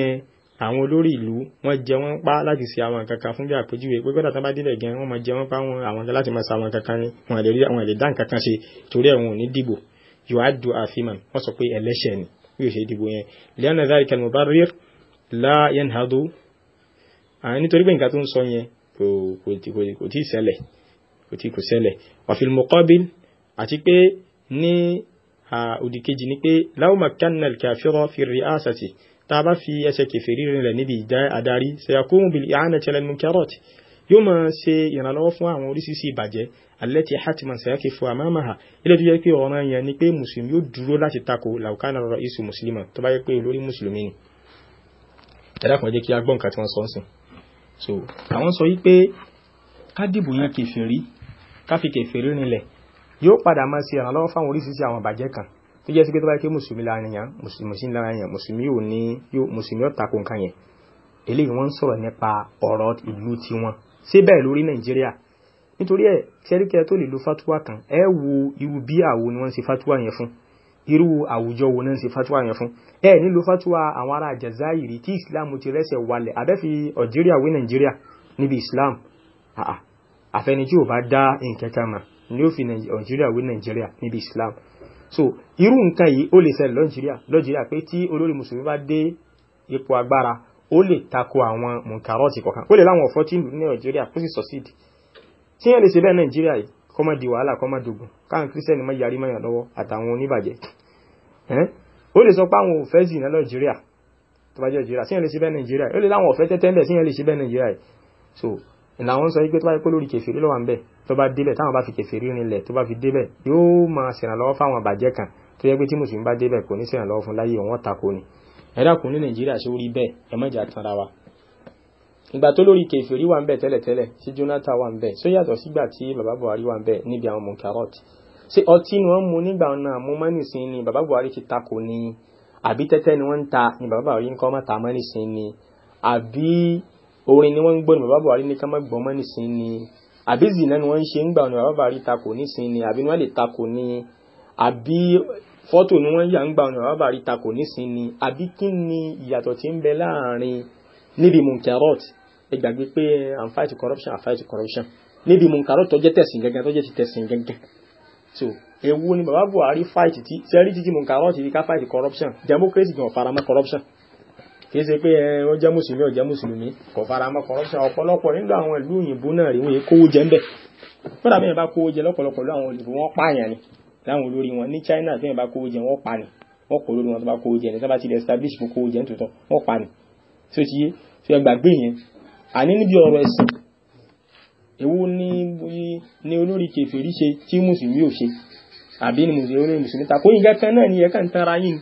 àwọn olórí ìlú wọ́n jẹ wọ́n pa láti ṣe àwọn nǹkan kan fún bí àpèjúwe pé kódà tán bá délẹ̀ gan wọ́n máa jẹ wọ́n pa wọn àwọn kan láti máa sa àwọn kankan ni wọn lè rí àwọn lè dá nǹkan kan ṣe torí ẹ̀wọ̀n ò ní dìbò yóò á du àfihàn wọ́n sọ pé ẹlẹ́ṣẹ̀ ni bí ó ṣe dìbò yẹn lẹ́yìn náà zalika al-mubarrir la yanhadu àwọn nítorí pé nǹkan tó ń sọ yẹn kò tí ì kò tí kò ṣẹlẹ̀ wa fil muqabil àti pé ní òdìkejì ni pé law makkanna al-kafira fi ri'asati tá a bá fi ẹsẹ̀ kẹfìrí rinlẹ̀ níbi ìdá adarí sayakumu bil i'anati ala al-munkarat yóò máa ṣe ìrànlọ́wọ́ fún àwọn oríṣiríṣi ìbàjẹ́ allati hatiman sayakifu amamaha ilé tó jẹ́ pé ọ̀ràn yẹn ni pé mùsùlùmí yóò dúró láti tako law kana ar-ra'isu musliman tó bá yẹ pé olórí mùsùlùmí ni ẹ̀dá kan jẹ́ kí a gbọ́ nǹkan tí wọ́n sọ ń sìn so àwọn sọ wípé ká dìbò yẹn kẹfìrí ká fi kẹfìrí rinlẹ̀ yóò padà máa ṣe ìrànlọ́wọ́ fáwọn oríṣiríṣi àwọn ìbàjẹ́ kan tó jẹ́ sí pé tó bá yẹ pé mùsùlùmí láàrin yàn mùsùlùmí láàrin yàn mùsùlùmí ò ní mùsùlùmí ò tako nǹkan yẹn eléyìí wọ́n ń sọ̀rọ̀ nípa ọ̀rọ̀ ìlú tiwọn ṣé bẹ́ẹ̀ lórí nàìjíríà nítorí ẹ̀ kẹ́ríkẹ́ tó lè lo fatuwa kan ẹ wo irú bí àwo ni wọ́n ń ṣe fatuwa yẹn fún irú àwùjọ wo ni wọ́n ń ṣe fatuwa yẹn fún ẹ nílò fatuwa àwọn ará Jazairi tí Islam ti rẹ́sẹ̀ walẹ̀ abẹ́fi Algeria wé nàìjíríà níbi Islam àfẹnijó bá dá nǹkan kan mà ni ó fi Algeria wé nàìjíríà níbi Islam so irú nǹkan yìí ó lè ṣẹlẹ̀ lọ́jìríà lọ́jìríà pé tí olórí mùsùlùmí bá dé ipò agbára ó lè tako àwọn mùnkàrọ́ọ̀tì kọ̀ọ̀kan ó lè láwọn ọ̀fọ́ tí ìlú ní nàìjíríà kó sì sọ̀sídì tí yẹn lè ṣe bẹ́ẹ̀ nàìjíríà yìí kọ́ mọ́ di wàhálà kọ́ mọ́ dogun káwọn kírísítẹ́nì mọ́ yarí mọ́yàn lọ́wọ́ àtàwọn oníbàjẹ́ ó lè sọ pé àwọn òfẹ́ zì ní nàìjíríà tó bá jẹ́ nàìjíríà tí yẹn lè ṣe bẹ́ẹ̀ nàìjíríà ó lè láwọn ọ̀fẹ́ tẹ́tẹ́ ń bẹ̀ tí yẹn lè ṣe bẹ́ẹ̀ nàìjíríà so ìlànà wọn sọ pé tó bá yẹ kó lórí kẹfìrí lọ́wọ́ à ń bẹ́ẹ̀ tó bá débẹ̀ táwọn bá fi kẹsẹ̀ rí rinlẹ̀ tó bá fi débẹ̀ yóò máa ṣèrànlọ́wọ́ fáwọn àbàjẹ́ kan tó yẹ pé tí mùsùlùmí bá débẹ̀ kò ní ṣèrànlọ́wọ́ fún láyé wọn tako ni ẹ dákun ní nàìjíríà ṣe orí bẹ́ẹ̀ ẹ má jà tanra wa. ìgbà tó lórí kẹfìrí wà ń bẹ tẹ́lẹ̀tẹ́lẹ̀ tí Jonathan wà ń bẹ só yàtọ̀ sígbà tí bàbá Buhari wà ń bẹ níbi àwọn munkarot ṣé ọtí ni wọ́n mu nígbà náà mú mọ́ nísìn ni bàbá Buhari ti tako ni àbí tẹ́tẹ́ ni wọ́n ń ta ni bàbá Buhari ń kọ́ mọ́ ta mọ́ nísìn ni àbí orin ni wọ́n ń gbọ́ ni bàbá Buhari ní ká má gbọ́ mọ́ nísìn ni àbí zina ni wọ́n ń ṣe ń gbà ọ̀nà bàbá rí takò nísìn ni àbí wọ́n lè takò ní àbí fọ́tò ni wọ́n yà ń gbà ọ̀nà bàbá rí takò nísìn ni àbí kí ni ìyàtọ̀ tí ń bẹ láàrin níbi munkarot ẹ gbàgbé pé and fight corruption and fight corruption níbi munkarot tó jẹ́ tẹ̀sìn gẹ́gẹ́ tó ti tẹ̀sìn gẹ́gẹ́ so èwo ni bàbá Buhari fight ti sẹ́rí títí munkarot ti ká fight corruption democracy gan faramọ́ corruption kìí ṣe pé ẹ wọ́n jẹ́ mùsùlùmí ọ̀jẹ́ mùsùlùmí kò fara mọ́ corruption ọ̀pọ̀lọpọ̀ nínú àwọn ìlú òyìnbó náà rí wọn èyí kówó jẹ ń bẹ̀ kódà bí wọn bá kówó jẹ lọ́pọ̀lọpọ̀ láwọn olùbò wọn pààyàn ni láwọn olórí wọn ní China bí wọn bá kówó jẹ wọn pa ni wọn kò lórí wọn tó bá kówó jẹ ni tó bá ti lè establish fún kówó jẹ nítòótọ́ wọn pa ni tí ó ti yé tí ẹ gbàgbé yẹn àní níbi ọ̀rọ̀ ẹ̀sìn èwo ni ni olórí kèfèrí ṣe tí mùsùlùmí ò ṣe àbí ni mùsùlùmí takò yín kankan náà ni ẹ kàn tara yín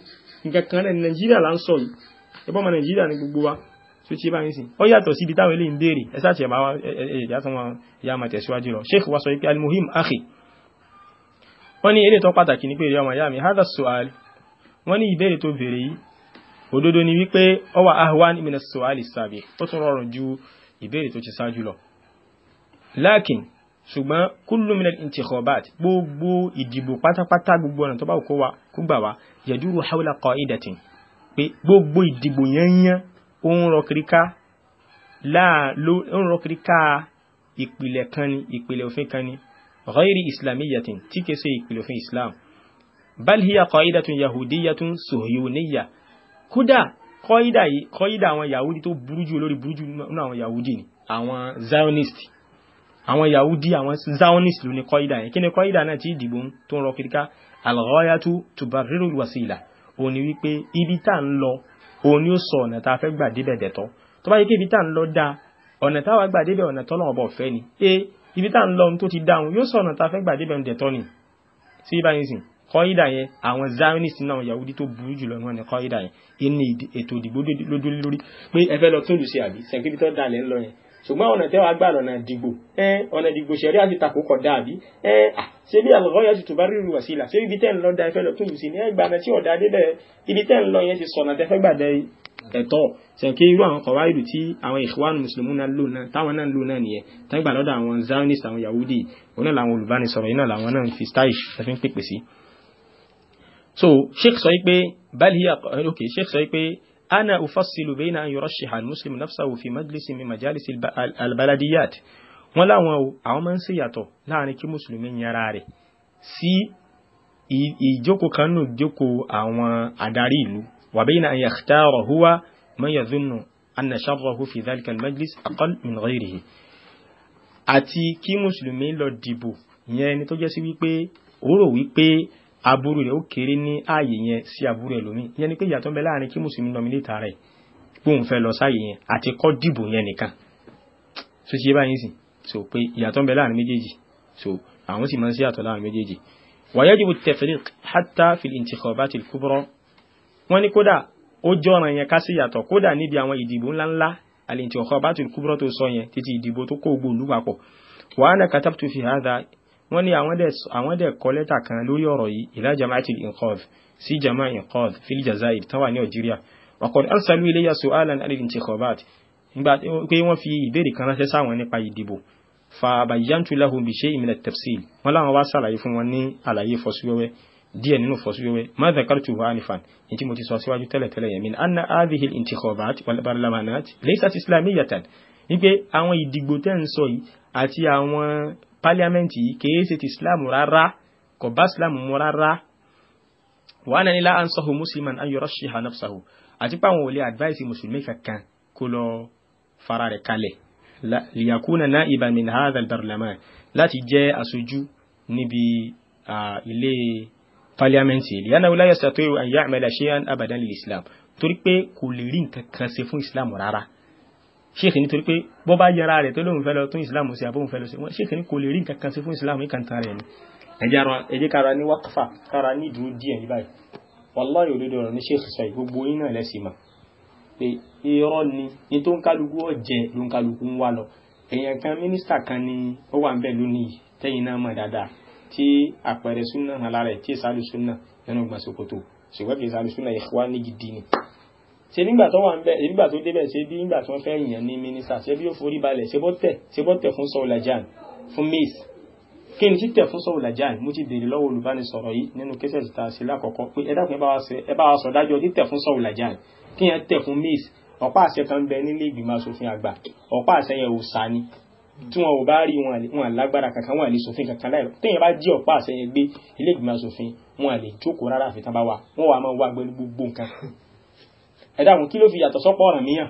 nǹkan náà ni Nàìjíríà là ń sọ yìí ẹ̀bọ́n ọmọ nàìjíríà ní gbogbo wa tó ti bá ń sìn ọ yàtọ̀ síbi táwọn eléyìí ń béèrè ẹ sáà tiẹ̀ máa ẹ̀yà tó wọn ya máa tẹ̀síwájú lọ sheikh wa sọ pé almuhim akhi wọ́n ní eléyìí tó pàtàkì ní pé ìrẹ́ ọmọ ìyá mi hadha su'al wọ́n ní ìbéèrè tó béèrè yìí òdodo ni wípé ó wà ahwan min as-su'al as ó tún rọrùn ju ìbéèrè tó ti ṣáájú lọ lakin ṣùgbọ́n kullu min al-intikhabat gbogbo ìdìbò pátápátá gbogbo ọ̀nà tó bá kó gbà wá yaduru hawla qa'idatin pé gbogbo ìdìbò yányán ó ń rọ kiri ká ó ń rọ kiri ká ìpìlẹ̀ kan ni ìpìlẹ̀ òfin kan ni ghairi islamiyatin tí kìí ṣe ìpìlẹ̀ òfin islam bal hiya qaidatun yahudiyatun suhuyuniyya kódà kọ́ídà yìí kọ́ídà àwọn yahudi tó burú jù lórí burú jù nínú àwọn yahudi ni àwọn zionist àwọn yahudi àwọn zionist ló ní kọ́ídà yẹn kí ni kọ́ídà náà tí ìdìbò tó ń rọ kiri ká al-ghayatu wasila òun ni wípé ibi tá à ń lọ òun ni ó sọ ọ̀nà tá a fẹ́ gbà débẹ̀ dẹ̀tọ́ tó bá yẹ kí ibi tá à ń lọ dáa ọ̀nà tá a wá gbà débẹ̀ ọ̀nà tọ́lọ́ ọ̀bọ̀ fẹ́ ni e ibi tá à ń lọ tó ti dáhùn yóò sọ ọ̀nà tá a fẹ́ gbà débẹ̀ dẹ̀tọ́ ni sí ibà yín sìn kọ́ídà yẹn àwọn zionist náà yahudi tó burú jùlọ ní wọn ni kọ́ídà yẹn ìní ètò ìdìbò lódúlórí pé ẹ fẹ́ lọ tún lù sí àbí sẹ́ńkébítọ́ dalẹ̀ ńlọ yẹn ṣùgbọ́n ọ̀nà tẹ́wàá gbà lọ́nà dìgbò ọ̀nà dìgbò ṣẹ̀rí àti takò kọ̀ dàbí ṣé bí àlọ́yà ti tùbá rírù wà sílà ṣé ibi tẹ́ ń lọ da ẹfẹ́ lọ tún lù sí ní ẹgbàá náà tí ọ̀dà débẹ̀ ibi tẹ́ ń lọ yẹn ti sọ̀nà tẹ́fẹ́ gbàdẹ ẹ̀tọ́ sẹ̀kẹ́ irú àwọn kọ̀wá ìlú tí àwọn ìhwan mùsùlùmí náà lò náà táwọn náà lò náà nìyẹn tán gbà lọ́dọ̀ àwọn zionist àwọn yahudi òun náà làwọn olùbánisọ̀rọ̀ yìí náà làwọn náà fi style ṣe ń pèpè sí. so sheikh sọ pé bali ok sheikh sọ pé أنا أفصل بين أن يرشح المسلم نفسه في مجلس من مجالس البلديات ولا àwọn máa ń ṣèyàtọ̀ láàrin kí mùsùlùmí yanra rẹ̀ sí ìjókòó kan nù jókòó àwọn adarí ìlú وبين أن يختار هو من يظن أن شره في ذلك المجلس أقل من غيره àti kí mùsùlùmí lọ dìbò yẹn ni tó jẹ́ sí wípé ó rò wípé aburú rẹ̀ ó kéré ní ààyè yẹn sí aburú ẹlòmíì yẹn ni pé ìyàtọ̀ ń bẹ láàrin kí mùsùlùmí nominate ara ẹ̀ gbóhùn fẹ́ lọ sáàyè yẹn àti kọ́ dìbò yẹn nìkan so ṣe báyìí sì so pé ìyàtọ̀ ń bẹ láàrin méjèèjì so àwọn sì máa ń sí ìyàtọ̀ láàrin méjèèjì wàyájú tẹfẹlẹk hátà fìlì ìtìkọba ti kúbọrọ wọn ni kódà ó jọràn yẹn ká sí ìyàtọ̀ kódà níbi àwọn ìdìbò ńláńlá àlè ìtìkọba ti kúbọrọ tó sọ yẹn títí ìdìbò tó kó gbòòlù papọ̀ wàhánà katabtu fi hàdà wọ́n ní àwọn dẹ̀ kọ lẹ́tà kan lórí ọ̀rọ̀ yìí ila jama'atil inqadh sí jama inqadh fil jazair táwa ní algeria waqad arsalu ilayya su'alan anil intikhabat nígbà pé wọ́n fi ìbéèrè kan ránṣẹ́ sáwọn nípa ìdìbò fa bayyantu lahum bi shay'in min at-tafsil wọ́n láwọn wá sàlàyé fún wọn ní àlàyé fọ́síwẹ́wẹ́ díẹ̀ nínú fọ́síwẹ́wẹ́ ma dhakartuhu anifan ní tí mo ti sọ síwájú tẹ́lẹ̀tẹ́lẹ̀ yẹn min anna hadhihi al-intikhabat wal barlamanat àti àwọn pálíámẹ́ǹtì yìí kìí ṣe ti islam rárá kò bá islam mu rárá wa anani la ansahu musliman an yurashiha nafsahu àti pé àwọn ò lè advice mùsùlùmí kankan kó lọ fara rẹ̀ kalẹ̀ liyakuna na'iban min hadha al-barlaman láti jẹ́ aṣojú níbi ilé pálíámẹ́ǹtì liyanahu la yastati'u an ya'mala shay'an abadan lil-islam torí pé kò lè rí kan ṣe fún islam rárá ṣéèkì nítorí pé bọ́ bá yẹra rẹ̀ tó lóun fẹ́ lọ tún ìsìlámù sí àbóhun fẹ́ lọ sí wọn ṣéèkì ní kò lè rí nǹkan kan sí fún ìsìlámù ní kàntàn rẹ̀ ni ẹjẹ́ kára ní wákàfà kára ní ìdúró díẹ̀ ní báyìí wàláyé òdodo ọ̀rọ̀ ní ṣéèkì sọ gbogbo yín náà lẹ́sìn mọ̀ pé irọ́ ni ní tó ń kálukú ọ̀jẹ̀ ló ń kálukú ń wá lọ èèyàn kan mínísítà kan ni ó wà ń bẹ̀ lónìí tẹ́yìn náà mọ̀ dáadáa tí àpẹẹrẹ súnà alára tí ìsàlùsúnà nínú gbọ̀nsókòtò ṣùgbọ́n ìsàlùsúnà ìwá gidi ni ṣe nígbà tó wà ń bẹ nígbà tó débẹ̀ ṣe bí nígbà tó ń fẹ́ yàn ní mínísà ṣe bí ó forí balẹ̀ ṣe bọ́ tẹ̀ ṣe bọ́ tẹ̀ fún sọ́ọ̀lá jan fún miss kí ni títẹ̀ fún sọ́ọ̀lá jan mo ti béèrè lọ́wọ́ olùbánisọ̀rọ̀ yìí nínú kẹsẹ̀ ti ta ṣe lákọ̀ọ́kọ́ pé ẹ dákun ẹ bá wa sọ dájọ́ títẹ̀ fún sọ́ọ̀lá jan kí yẹn tẹ̀ fún miss ọ̀pá àṣẹ kan bẹ nílé ìgbìmọ̀ asòfin àgbà ọ̀pá àṣẹ yẹn ò sá ni tí wọn ò bá rí wọn lágbára kankan wọn à lè ṣòfin kankan láì téèyàn bá jí ọ̀pá àṣẹ yẹn gbé ilé ìgbìmọ̀ asòfin wọn à lè jókòó rárá àfi tán wà wọn wà máa wá gbẹlú gbogbo nǹkan ẹ dákun kí ló fi yàtọ̀ sọ́pọ̀ ọ̀ràn míyàn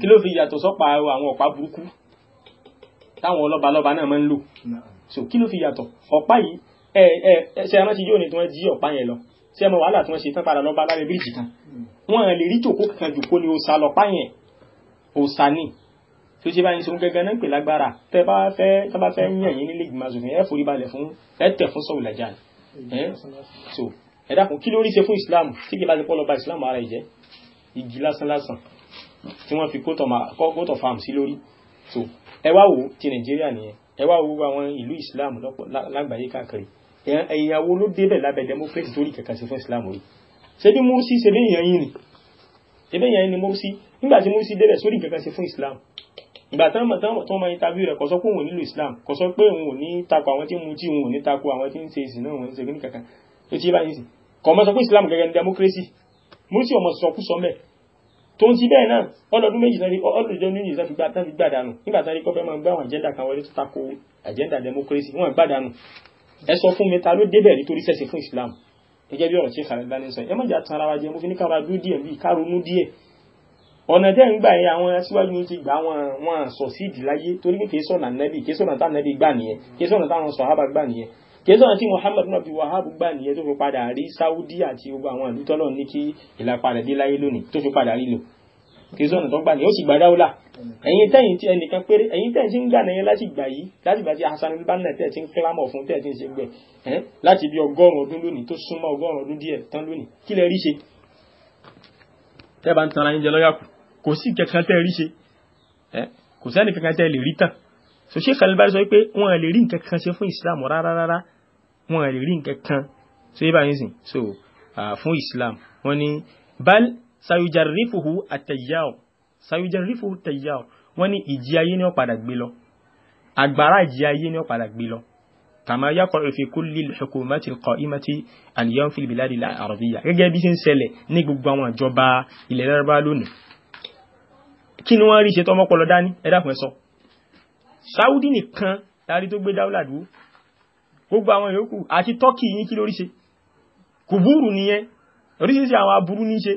kí ló fi yàtọ̀ sọ́pọ̀ àwọn ọ̀pá burúkú táwọn ọlọ́ba lọ́ba náà máa ń lò so kí ló fi yàtọ̀ ọ̀pá yìí ẹ ẹ ṣe rántí yóò ní tí wọ́n jí ọ̀pá yẹn lọ ṣé ẹ mọ wàhálà tí wọ́n ṣe tán padà lọ́ba lábẹ́ bíríìjì kan mm. wọ́n lè rí tòkó kankan jù kó ni òòsà lọ́pá yẹn òòsà ni tó ṣe báyìí sóhun gẹ́gẹ́ náà pè lágbára tẹ́ bá fẹ́ tẹ́ bá fẹ́ yàn yín nílé ìgbìmọ̀ asòfin ẹ forí balẹ̀ fún ẹ tẹ̀ fún sọ̀rọ̀ ẹ so ẹ dákun kí ló rí ṣe fún Islam tí kì bá ti pọ́ lọ́ba Islam ara ìjẹ́ igi lásán lásán tí wọ́n fi coat of arms sí lórí so ẹ wá wo ti nàìjíríà nìyẹn ẹ wá wo àwọn ìlú islam lágbàáyé káàkiri èèyàn wo ló débẹ̀ lábẹ́ democracy torí kẹ̀kẹ́ sí fún islam rí ṣé bí Mursi ṣe bí èèyàn yìí ni ebe èèyàn ni Mursi nígbà tí Mursi débẹ̀ sórí kẹ̀kẹ́ sí fún islam ìgbà tán tó máa interview rẹ̀ kò sọ pé òun nílò islam kò sọ pé òun ò ní takò àwọn tí ń mutí òun ò ní takò àwọn tí ń ṣe ìsìn náà òun ń ṣe kí ní kankan ti bá yìí sìn kò mọ́ sọ pé islam gẹ́gẹ́ ní democracy múrísì ọmọ sọkúsọ mẹ́ tó ń ti bẹ́ẹ̀ náà ọlọ́dún méjì sáré ọlọ́dún méjì sáré gbà tán fi gbàdánù nígbà sáré kọ́ fẹ́ máa gbá àwọn àjẹ́ndà kan wọlé tó tako Agenda democracy wọ́n gbàdánù ẹ sọ fún mi ta ló débẹ̀ nítorí sẹ́sìn fún Islam gẹ́gẹ́ bí ọ̀rọ̀ tí kàlẹ́ bá ní sọ ẹ má jà tan ara wa jẹ mo fi ní kára dúró díẹ̀ bíi kárònú díẹ̀ ọ̀nà tẹ́ ń gbà yẹn àwọn aṣíwájú ló ti gbà wọn wọn sọ síìdì láyé torí pé kì í sọ̀nà nẹ́bì kì í sọ̀nà tá nẹ́bì gbà nìyẹn kì í sọ̀nà táwọn sọ̀hábà gbà nìyẹn kẹsàn-án tí Muhammad ibn Abdul Wahhab gbà nìyẹn tó fi padà rí Saudi àti gbogbo àwọn ìlú tọ́lọ̀ ní kí ìlàpadà dé láyé lónìí tó fi padà rí lò kẹsàn-án tó gbà nìyẹn ó sì gbà dáwọ́là ẹ̀yin tẹ́yìn tí ẹnìkan péré ẹ̀yin tẹ́yìn tí ń gbà nìyẹn láti gbà yìí láti gbà tí Hasan al-Banna tẹ́ẹ̀ tí ń kílámọ̀ fún tẹ́ẹ̀ tí ń ṣe gbẹ láti bí ọgọ́rùn ọdún lónìí tó súnmọ́ ọgọ́rùn ọdún díẹ̀ tán lónìí kí lẹ rí ṣe tẹ́ẹ̀ sọ pé wọn lè rí nǹkan kan ṣe fún Islam rárá wọn lè rí nǹkan kan so yíba yín sìn so fún Islam wọn ni bal sayujarrifuhu àtẹ̀yàwó sayujarrifuhu àtẹ̀yàwó wọn ni ìjì ayé ni wọ́n padà gbé lọ agbára ìjì ayé ni wọ́n padà gbé lọ kàmá yàkọ̀ fi kulli al-hukumati al-qa'imati al-yawm fil bilad al-arabiyya gẹ́gẹ́ bí ṣe ń ṣẹlẹ̀ ní gbogbo àwọn ìjọba ilẹ̀ lárúbá lónìí kí ni wọ́n rí ṣe tọmọpọlọ dání ẹ dákun ẹ sọ Saudi nìkan láti tó gbé dáúlà dúró gbogbo àwọn yòókù àti tọ́kì yín kí lórí ṣe kùbúrù nìyẹn oríṣiríṣi àwọn aburú ní ṣe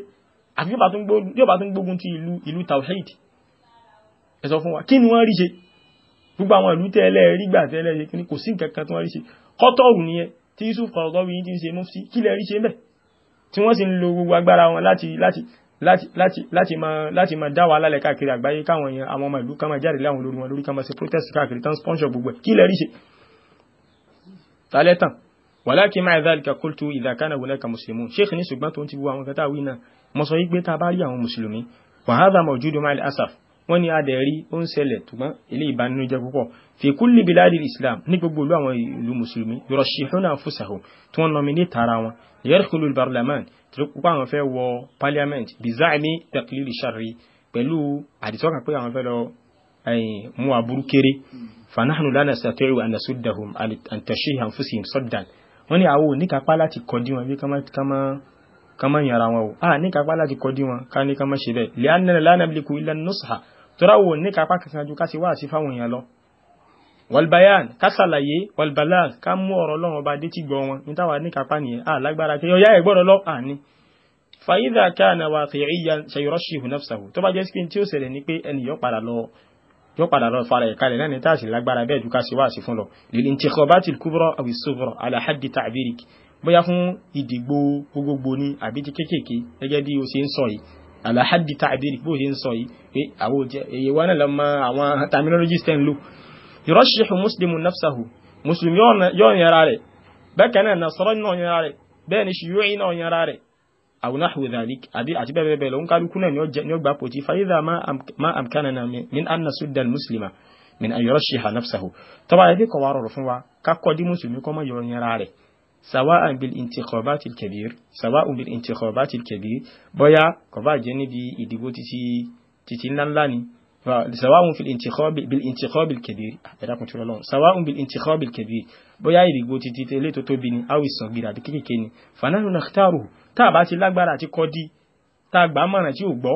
àfi yóò bá tún gbógun ti ìlú ìlú tawhid ẹ sọ fún wa kí ni wọ́n rí ṣe gbogbo àwọn ìlú tẹ́lẹ̀ rígbà tẹ́lẹ̀ ṣe kíní kò sí nǹkan kan tí wọ́n rí ṣe kọ́tọ̀rù nìyẹn tí Yusuf Qaradawi ti ń ṣe mufti kí lẹ rí ṣe mẹ́ tí wọ́n sì ń lo gbogbo agbára wọn láti láti láti láti láti máa láti máa dá wàhálà lẹ̀ káàkiri àgbáyé káwọn èèyàn àwọn ọmọ ìlú ká máa jáde láwọn olórí wọn lórí ká máa ṣe protest káàkiri tán sponsor gbogbo ẹ̀ kí lẹ rí ṣe tálẹ́tàn wàláàkì máa dhalika qultu idha kana hunaka muslimun sheikh ní ṣùgbọ́n tó ń ti bu àwọn kẹta wí náà mo sọ wípé tá a bá rí àwọn mùsùlùmí wa hadha mawjudu ma'al asaf wọ́n ní adẹ̀rí ó ń ṣẹlẹ̀ tùgbọ́n ilé ìbánújẹ́ púpọ̀ fi kulli biladi islam ní gbogbo ìlú àwọn ìlú mùsùlùmí yurashihuna anfusahum tí wọ́n nominate tara wọn yadkhulu al tí ó kópa àwọn fẹ́ wọ parliament biza'mi taqlil sharri pẹ̀lú àdìsọ́kàn pé àwọn fẹ́ lọ mu aburú kéré fanahanu lana sàtẹ́rù anasudahum àtẹ̀ṣe àǹfùsìn sọ́dàn wọ́n ní àwọn oníkápá láti kọ́dí wọn bí ká má yàrá wọn o a níkápá láti kọ́dí wọn ká ní ká má ṣe bẹ́ẹ̀ li'annana la namliku illa an-nusha tọ́ra wo níkápá kankan ju ká sì wá sí fáwọn èèyàn lọ. wàlbáyán ká ṣàlàyé wàlbálàg ká mú ọ̀rọ̀ lọ́wọ́ bá dé tí gbọ́ wọn ní táwa níkápá nìyẹn a lágbára pé ọyá ẹ̀ gbọ́dọ̀ lọ àní ní pé yóò padà lọ fara ìkalẹ̀ náà ní táàsì lágbára bẹ́ẹ̀ ju ká ṣe wáàsí fún lọ lílin tí kọ́ bá ti kúbúrọ̀ àwì sọ́bùrọ̀ aláhàdì tàbírik bóyá fún ìdìgbò gbogbogbò ni àbí ti kéékèèké gẹ́gẹ́ bí o ṣe ń sọ yìí aláhàdì tàbírik bó ṣe ń sọ yìí pé àwọn èyí wa lọ mọ àwọn terminologies tẹ́ ń lò yọ̀rọ̀ṣiṣu muslimu nafsahu muslim yóò yẹra rẹ̀ bẹ́ẹ̀ náà àwùnáhù dhalik àbí àti bẹ́ẹ̀ bẹ́ẹ̀ lọ ń kálukú náà ni ó gbà pò tí fàyídà má amkánana min anna sudan muslima min an yurashiha nafsahu tó bá yẹ kí kọ̀wá rọrùn fún wa ká kọ́ dí mùsùlùmí kọ́ mọ́ yọrọ yẹn ra rẹ̀ sawa'an bil intikhabati al-kabir sawa'an bil intikhabati al-kabir bóyá kò bá jẹ́ níbi ìdìbò títí títí ńláńlá ni sawa'an fil intikhab bil intikhab al-kabir ẹ̀dá kun tura lọ́wọ́ sawa'an bil intikhab ìdìbò títí tẹ́lẹ̀ tó tóbi ni awi sàn àbí kékeré ni fanáhùn nàkítàrù tá a bá ti lágbára àti kọ́ di tá a gbà á mọ̀ràn tí ò gbọ́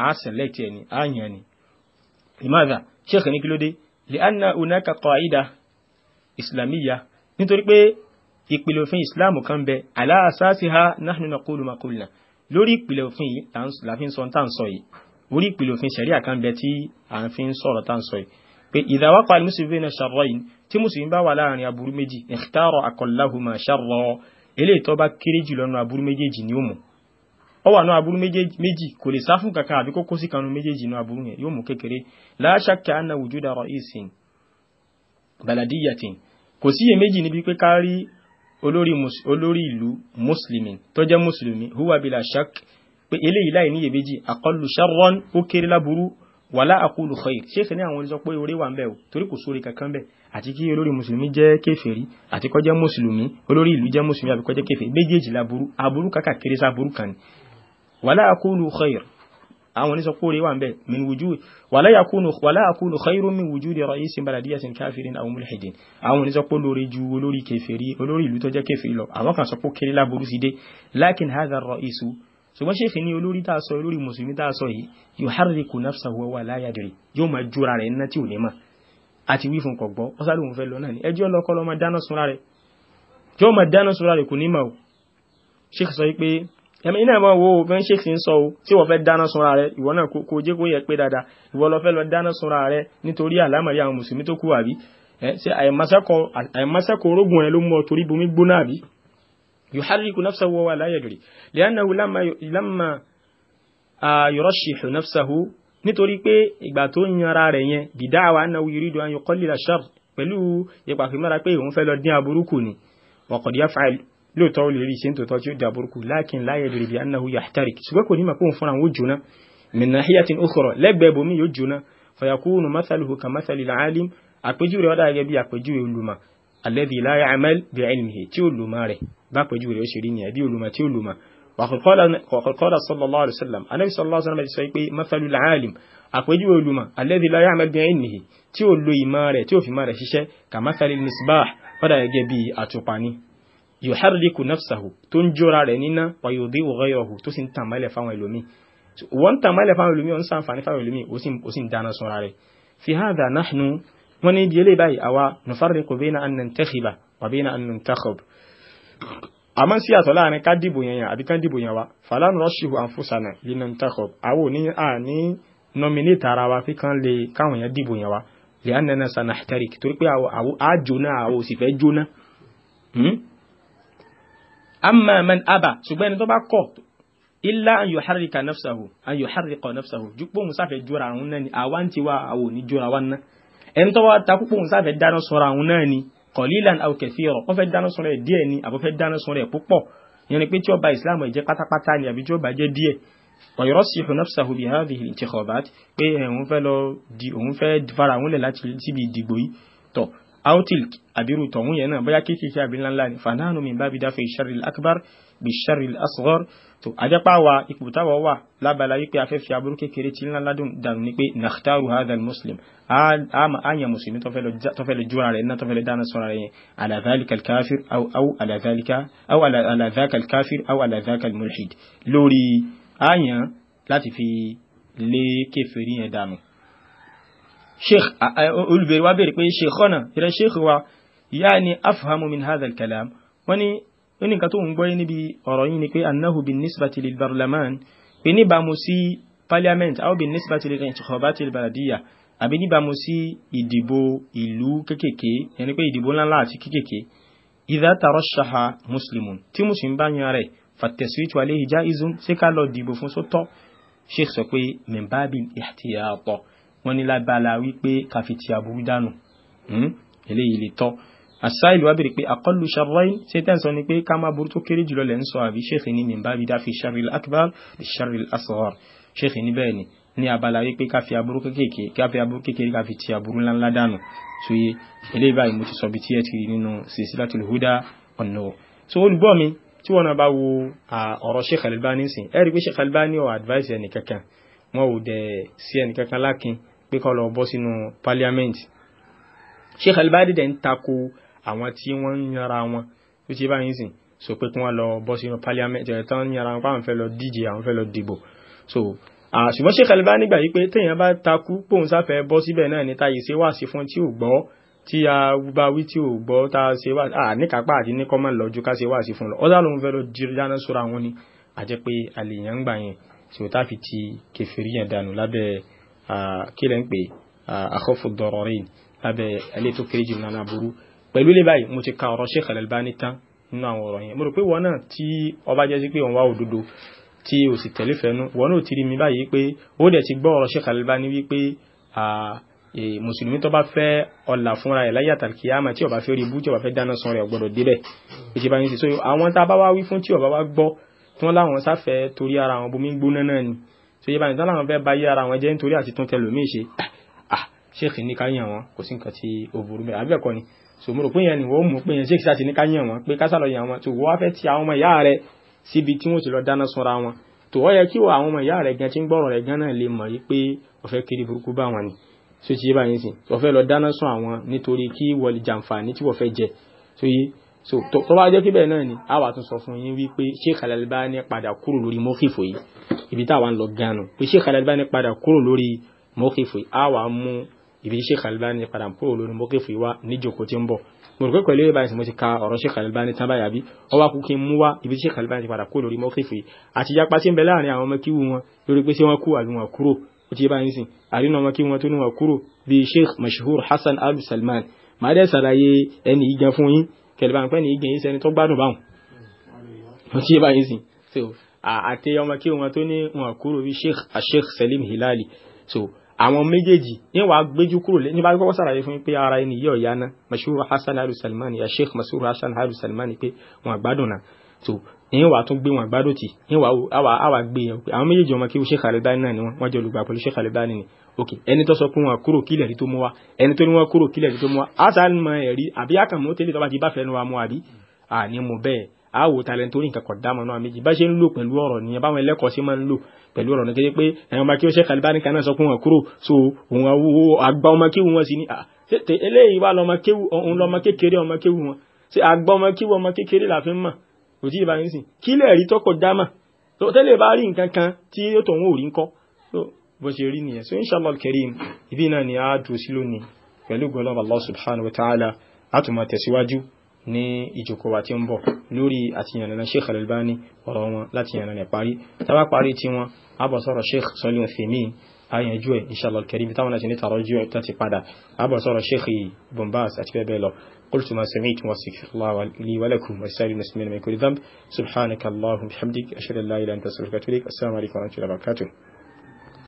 à á select ẹni à á yàn ni. ìmáàdà sheikh ní kí ló dé lè anna unaka qaida islamiyya nítorí pé ìpìlẹ̀ òfin islam kan bẹ ala asasiha nahnu naqulu ma qulna lórí ìpìlẹ̀ òfin yìí la fi ń sọ tá à ń sọ yìí orí ìpìlẹ̀ òfin ṣẹ̀ríà kan bẹ tí à ń fi ń sọ̀rọ̀ tá à ń sọ yìí pé ìdáwápa mùsùlùmí náà ṣàrọ̀ yìí tí mùsùlùmí bá wà láàrin aburú méjì ìkítàrọ̀ àkọláhùmá eléyìí tó bá kéré jù lọ́nu aburú méjèèjì ni ó mú ọ wà náà aburú méjì kò lè sá fún kankan àbí kókó sí kanu méjèèjì náà aburú yẹn yóò mú kékeré la shakka anna wujuda ra'isin baladiyatin kò síyè méjì níbi pé ká olórí ìlú mùsùlùmí tó jẹ́ mùsùlùmí huwa bila shak pé eléyìí láì níyè méjì aqallu sharran ó kéré láburú wàlá àkúlù khair ṣéèkì ní àwọn olùsọ pé orí wà ń bẹ o torí kò sórí kankan bẹ àti kí olórí mùsùlùmí jẹ́ kèfèrí àti kó jẹ́ mùsùlùmí olórí ìlú jẹ́ mùsùlùmí àbí kó jẹ́ kèfèrí méjèèjì laburú aburú kàkà kéré sá burú kan ni wàlá àkúlù khair àwọn onísọ pé orí wà ń bẹ min wujud wàlá àkúlù khairu min wujudi ra'isin baladiyatin kafirin aw mulhidin àwọn onísọ pé olórí ju olórí kèfèrí àwọn kan pé kéré laburú sí dé lakin hadha ṣùgbọ́n ṣe fi ní olórí tá a sọ olórí mùsùlùmí tá sọ yìí yuharriku nafsahu wa la yadri yóò máa jura rẹ̀ iná tí ò ní mà àti wí fún kọ̀gbọ́ ọ̀sá lòun fẹ́ lọ náà ni ẹjọ́ lọ́kọ́ lọ́ máa dáná sunra rẹ̀ yóò máa dáná sunra rẹ̀ kò ní mà o ṣe sọ pé ẹ̀mí iná ìmọ̀ wo fẹ́ ń ṣèkì ń sọ o tí wọ́n fẹ́ dáná sunra rẹ̀ ìwọ náà kò jẹ́ kó yẹ pé dáadáa ìwọ lọ fẹ́ lọ dáná sunra rẹ̀ nítorí يحرك نفسه وهو لا يدري لأنه لما لما يرشح نفسه nítorí pé ìgbà tó ń yanra rẹ̀ yẹn bìdá àwa náà yuridu an yuqallila shar pẹ̀lú ìpàfimọ́ra pé òun fẹ́ lọ dín aburúkú ni waqad yaf'al lóòótọ́ ó lè rí ìṣèǹtò tó tí ó di aburúkú lakin la yadri bi annahu yahtarik ṣùgbọ́n kò ní mà pé òun fúnra òun ó jóná min nahiyatin ukhra lẹ́gbẹ̀ẹ́ bomi yóò jóná fayakunu mathaluhu ka mathali al-alim àpèjúwe ọ̀dà gẹ́gẹ́ bí àpèjúwe olùmọ̀ alladhi la ya'mal bi ilmihi tí olùmọ̀ rẹ̀ bápẹ̀jú rẹ̀ ó ṣe rí ní ẹbí olùmọ̀ tí olùmọ̀ wàkọ̀kọ́lá sallallahu alaihi wasallam anabi sallallahu alaihi wasallam sọ pé mafalu laalim àpèjú olùmọ̀ alẹ́dí láyé àmàlùbíyàn ìnìyí tí ó lo ìmọ̀ rẹ̀ tí ó fi mọ̀ rẹ̀ ṣiṣẹ́ ka mathali misbah fọ́dà gẹ́gẹ́ bí àtùpà ni yuharriku nafsahu tó ń jóra rẹ̀ níná wa yudhi'u ghayrahu tó sì ń tàn mọ́lẹ̀ fáwọn ẹlòmí wọ́n tàn mọ́lẹ̀ fáwọn àmọ́ sí àtọ̀ láàrin ká dìbò yẹn yẹn àbí ká dìbò yẹn wa falan rushihu anfusana linantakhob àwọn òní àní nominate ara wa fi kán lè káwọn yẹn dìbò yẹn wa lè ànana sanahtarik torí pé àwọn àjòna àwọn òsì fẹ́ jóná. Hmm? amma man aba ṣùgbọ́n ẹni tó bá kọ̀ illa an yuharrika nafsahu an yuharrika nafsahu ju pé òun sáfẹ́ jóra àwọn náà ni àwa ń tiwa àwọn òní jóra wa ná ẹni tó bá takú pé òun sáfẹ́ dáná sọ̀rọ̀ kọ̀lílan aw kathira wọ́n fẹ́ dáná sun rẹ̀ díẹ̀ ni àbọ̀ fẹ́ dáná sun rẹ̀ púpọ̀ ìyẹn ni pé tí ó ba ìsìláàmù ẹ̀jẹ̀ pátápátá ni àbí tí ó ba jẹ́ díẹ̀ ọ̀yọ́rọ́ sí ìhùn nafsahu bi hadhihi al-intikhabat pé òun fẹ́ lọ di òun fẹ́ fara òun lẹ̀ láti síbi ìdìbò yìí tọ̀ autil abiru tọ̀hún yẹn náà bóyá kéékèèké àbí ńláńlá ni fanahanu min babi dafi sharri al-akbar bi sharri al tó ajẹ́pá wa ipò táwa wà lábala wípé afẹ́fẹ́ aburú kékeré tí ńlá ládùn dànù ní pé nakhtaru hadha muslim àyàn mùsùlùmí tó fẹ́ lè jura rẹ̀ iná tó fẹ́ lè dáná sọ́ra rẹ̀ yẹn ala dhalika al-kafir aw ala dhalika aw ala dhaka al-kafir aw ala dhaka al-mulhid lórí àyàn láti fi lé kèfèrí yẹn dànù. olùbẹ̀rẹ̀ wa bẹ̀rẹ̀ pé sheikh ó ní nǹkan tó ń gbọ́ yé níbi ọ̀rọ̀ yìí ni pé annahu bin nisbati lil barlaman pé níbàámu sí parliament aw bin nisbati lil intikhabati al-baladiyya àbí níbàámu sí ìdìbò ìlú kékèké yẹni pé ìdìbò ńláńlá àti kékèké idha tarashaha muslimun tí muslim bá yan rẹ̀ fataswitu alayhi jaizun ṣé ká lọ dìbò fún sótọ́ sheikh sọ pé min babil ihtiyat wọ́n ní lábala wípé káfíntì aburú dànù hmm? eléyìí lè tọ́ asáìlú wa bèrè pé àkọlù sharrain satan sọ ni pé ká má burú tó kéré jùlọ lẹ́ ń sọ àbí sheikh ní min babi dá fi sharril akbar bi sharril asghar sheikh ní bẹ́ẹ̀ ni ní abala wípé ká fi aburú kékeré ká fi aburú kékeré ká fi ti aburú ńláńlá dànù tó yé eléyìí báyìí mo ti sọ bí tí ẹ ti rí nínú silsilatul huda ọ̀nà so olùgbọ́ mi tí wọ́n náà bá wo ọ̀rọ̀ sheikh Albani sìn ẹ rí pé sheikh àwọn tí wọ́n ń yanra wọn tó ti báyìí sìn so pé kí wọ́n lọ bọ́ sínú parliament ẹ̀ tán yanra wọn pàwọn fẹ́ lọ díje àwọn fẹ́ lọ dìbò so ṣùgbọ́n Sheikh Albani nígbà yìí pé téèyàn bá takú póun sáfẹ́ bọ́ síbẹ̀ náà ní táyì ṣe wà sí fún tí ò gbọ́ tí a bá wí tí ò gbọ́ tá a ṣe wà á níkápá àti ní kọ́mọ̀ lọ́jú ká ṣe wà sí fún lọ ọ́dà ló ń fẹ́ lọ jírí dáná sóra wọn ni àjẹ́ pé àlèyàn ń gbà yẹn tí ò táfi ti kẹfìrí yẹn dànù lábẹ́ kílẹ̀ ń pè àkọ́fù dọ̀rọ̀rìn lábẹ́ ẹlẹ́tọ́ kéré jù nánà burú pẹ̀lú ilé báyìí mo ti ka ọ̀rọ̀ Sheikh Al-Albani tán nínú àwọn ọ̀rọ̀ yẹn mo rò pé wọn náà tí ọba jẹ́ sí pé òun wá òdodo tí o sì tẹ̀lé fẹ́nu wọn náà ti rí mi báyìí pé ó dẹ̀ ti gbọ́ ọ̀rọ̀ Sheikh Al-Albani wípé e, mùsùlùmí tó bá fẹ́ ọ̀là fúnra ẹ̀ láyé àtàkìyàmà tí ó fẹ́ rí ibú tí ó fẹ́ dáná sun rẹ̀ gbọ́dọ̀ débẹ̀ èsì bá yín sí so àwọn tá a bá wá wí fún tí ó bá wá gbọ́ tí wọ́n láwọn sáfẹ́ torí so yé báyìí tán láwọn fẹ́ bá yé ara wọn ah Sheikh ní káyàn wọn kò sí nǹkan so mo rò pé yẹn ni wọ́n mú pé yẹn ṣéèkì sáti ní ká yàn wọ́n pé ká sàlọ̀ yàn wọ́n tó wọ́n fẹ́ ti àwọn ọmọ ìyá rẹ̀ síbi tí wọ́n ti lọ dáná sanra wọn tó wọ́n yẹ kí wọ́n àwọn ọmọ ìyá rẹ̀ gan tí ń gbọ́rọ̀ rẹ̀ gan náà lè mọ̀ yí pé ọ̀fẹ́ kiri burúkú bá wọn ni so ti yé báyìí sìn tó fẹ́ lọ dáná sun àwọn nítorí kí wọ́n jàǹfààní tí wọ́n fẹ́ jẹ so yé so tó bá jẹ́ kí bẹ́ẹ̀ náà ni a wà tún sọ fún yín wípé Sheikh Al-Albani padà kúrò lórí mọ́kìfò yìí ibi táwa ń lọ gan nù pé Sheikh Al-Albani padà kúrò lórí mọ́kìfò yìí a wà mú ibi tí Sheikh Albani padà kúrò lórí mọ́kè fún wa níjòkó tí ń bọ̀ mo rò pé pẹ̀lú ìbáyìí tí mo ti ka ọ̀rọ̀ Sheikh Albani tán báyà bí ó wá kú kí n mú wá ibi tí Sheikh Albani padà kúrò lórí mọ́kè fún àti yapa tí ń bẹ láàrin àwọn ọmọ kíwù wọn lórí pé ṣé wọ́n kú àbí wọn kúrò ó ti yé báyìí sìn àrínà ọmọ kíwù wọn tó ní wọn kúrò bíi Sheikh Mashhur Hassan Al Salman màá dẹ́ sàlàyé ẹni ìgan fún yín kẹlẹ́ bá ń pẹ́ ní ìgan yín sẹ́ni tó gbádùn báwọn ó ti yé báyìí sìn àti ọmọ kíwù wọn tó ní wọn kúrò bíi Sheikh Sheikh Salim Hilali so àwọn méjèèjì ní wàá gbéjú kúrò lé nípa kọ́kọ́ sàlàyé fún pé ara ẹni yìí ọ̀yá ná mashuru hasan alu salman ya sheikh mashuru hasan alu salman pé wọn àgbádùn náà tó ní wàá tún gbé wọn àgbádùn tì ní wàá àwà gbé yẹn pé àwọn méjèèjì ọmọ kíwú sheikh alibani náà ni wọn wọn jẹ olùgbà sheikh alibani ni ok ẹni tó sọ pé wọn kúrò kílẹ̀ rí tó mú wa ẹni tó ní wọn kúrò kílẹ̀ rí tó mú wa àtàlùmọ̀ ẹ̀rí àbí àkànmọ́ tó bá ti bá fẹ́ nu wa mú àbí àní mo bẹ́ẹ̀ a wò talẹ̀ nítorí nǹkan kọ̀ dámọ̀ náà méjì bá ṣe ń lò pẹ̀lú ọ̀rọ̀ nìyẹn báwọn ẹlẹ́kọ̀ọ́ ṣe máa ń lò pẹ̀lú ọ̀rọ̀ nìkan pé ẹ̀wọ̀n bá kí ó ṣe kalibani kan náà sọ fún wọn kúrò so òun àgbà ọmọ kéwù wọn sí ni ah, eléyìí wà lọmọ kéwù òun lọmọ kékeré ọmọ kéwù wọn ṣe àgbà ọmọ kéwù ọmọ kékeré là fi ń mọ̀ kò tí ì bá yín sìn kí lè rí tọkọ dámọ̀ tẹ́lẹ̀ bá rí nǹkan kan tí ó tòun ò rí ńkọ́ bó ṣe rí nìyẹn so inshallah kareem ibi náà ni a dùn sí lónìí pẹ̀lú gbọ́dọ̀ Allah subhanahu wa ta'ala a tún máa tẹ̀síwájú ní ìjòkó wa tí ń bọ̀ lórí na Sheikh Al-Albani ọ̀rọ̀ wọn láti yànnà rẹ̀ parí ta ba parí tí wọn a bo sọ̀rọ̀ Sheikh sọlẹ̀ fèmí àyànjú ẹ̀ inshallah al-karim táwọn láti ní tààrọ̀ jù ẹ̀ tàti padà a bo sọ̀rọ̀ Sheikh Ibn Baz àti bẹ́ẹ̀ bẹ́ẹ̀ lọ قلت ما سمعت واستغفر الله لي ولكم ولسائر المسلمين من كل ذنب سبحانك اللهم وبحمدك اشهد ان لا اله الا انت استغفرك واتوب اليك السلام عليكم ورحمه الله وبركاته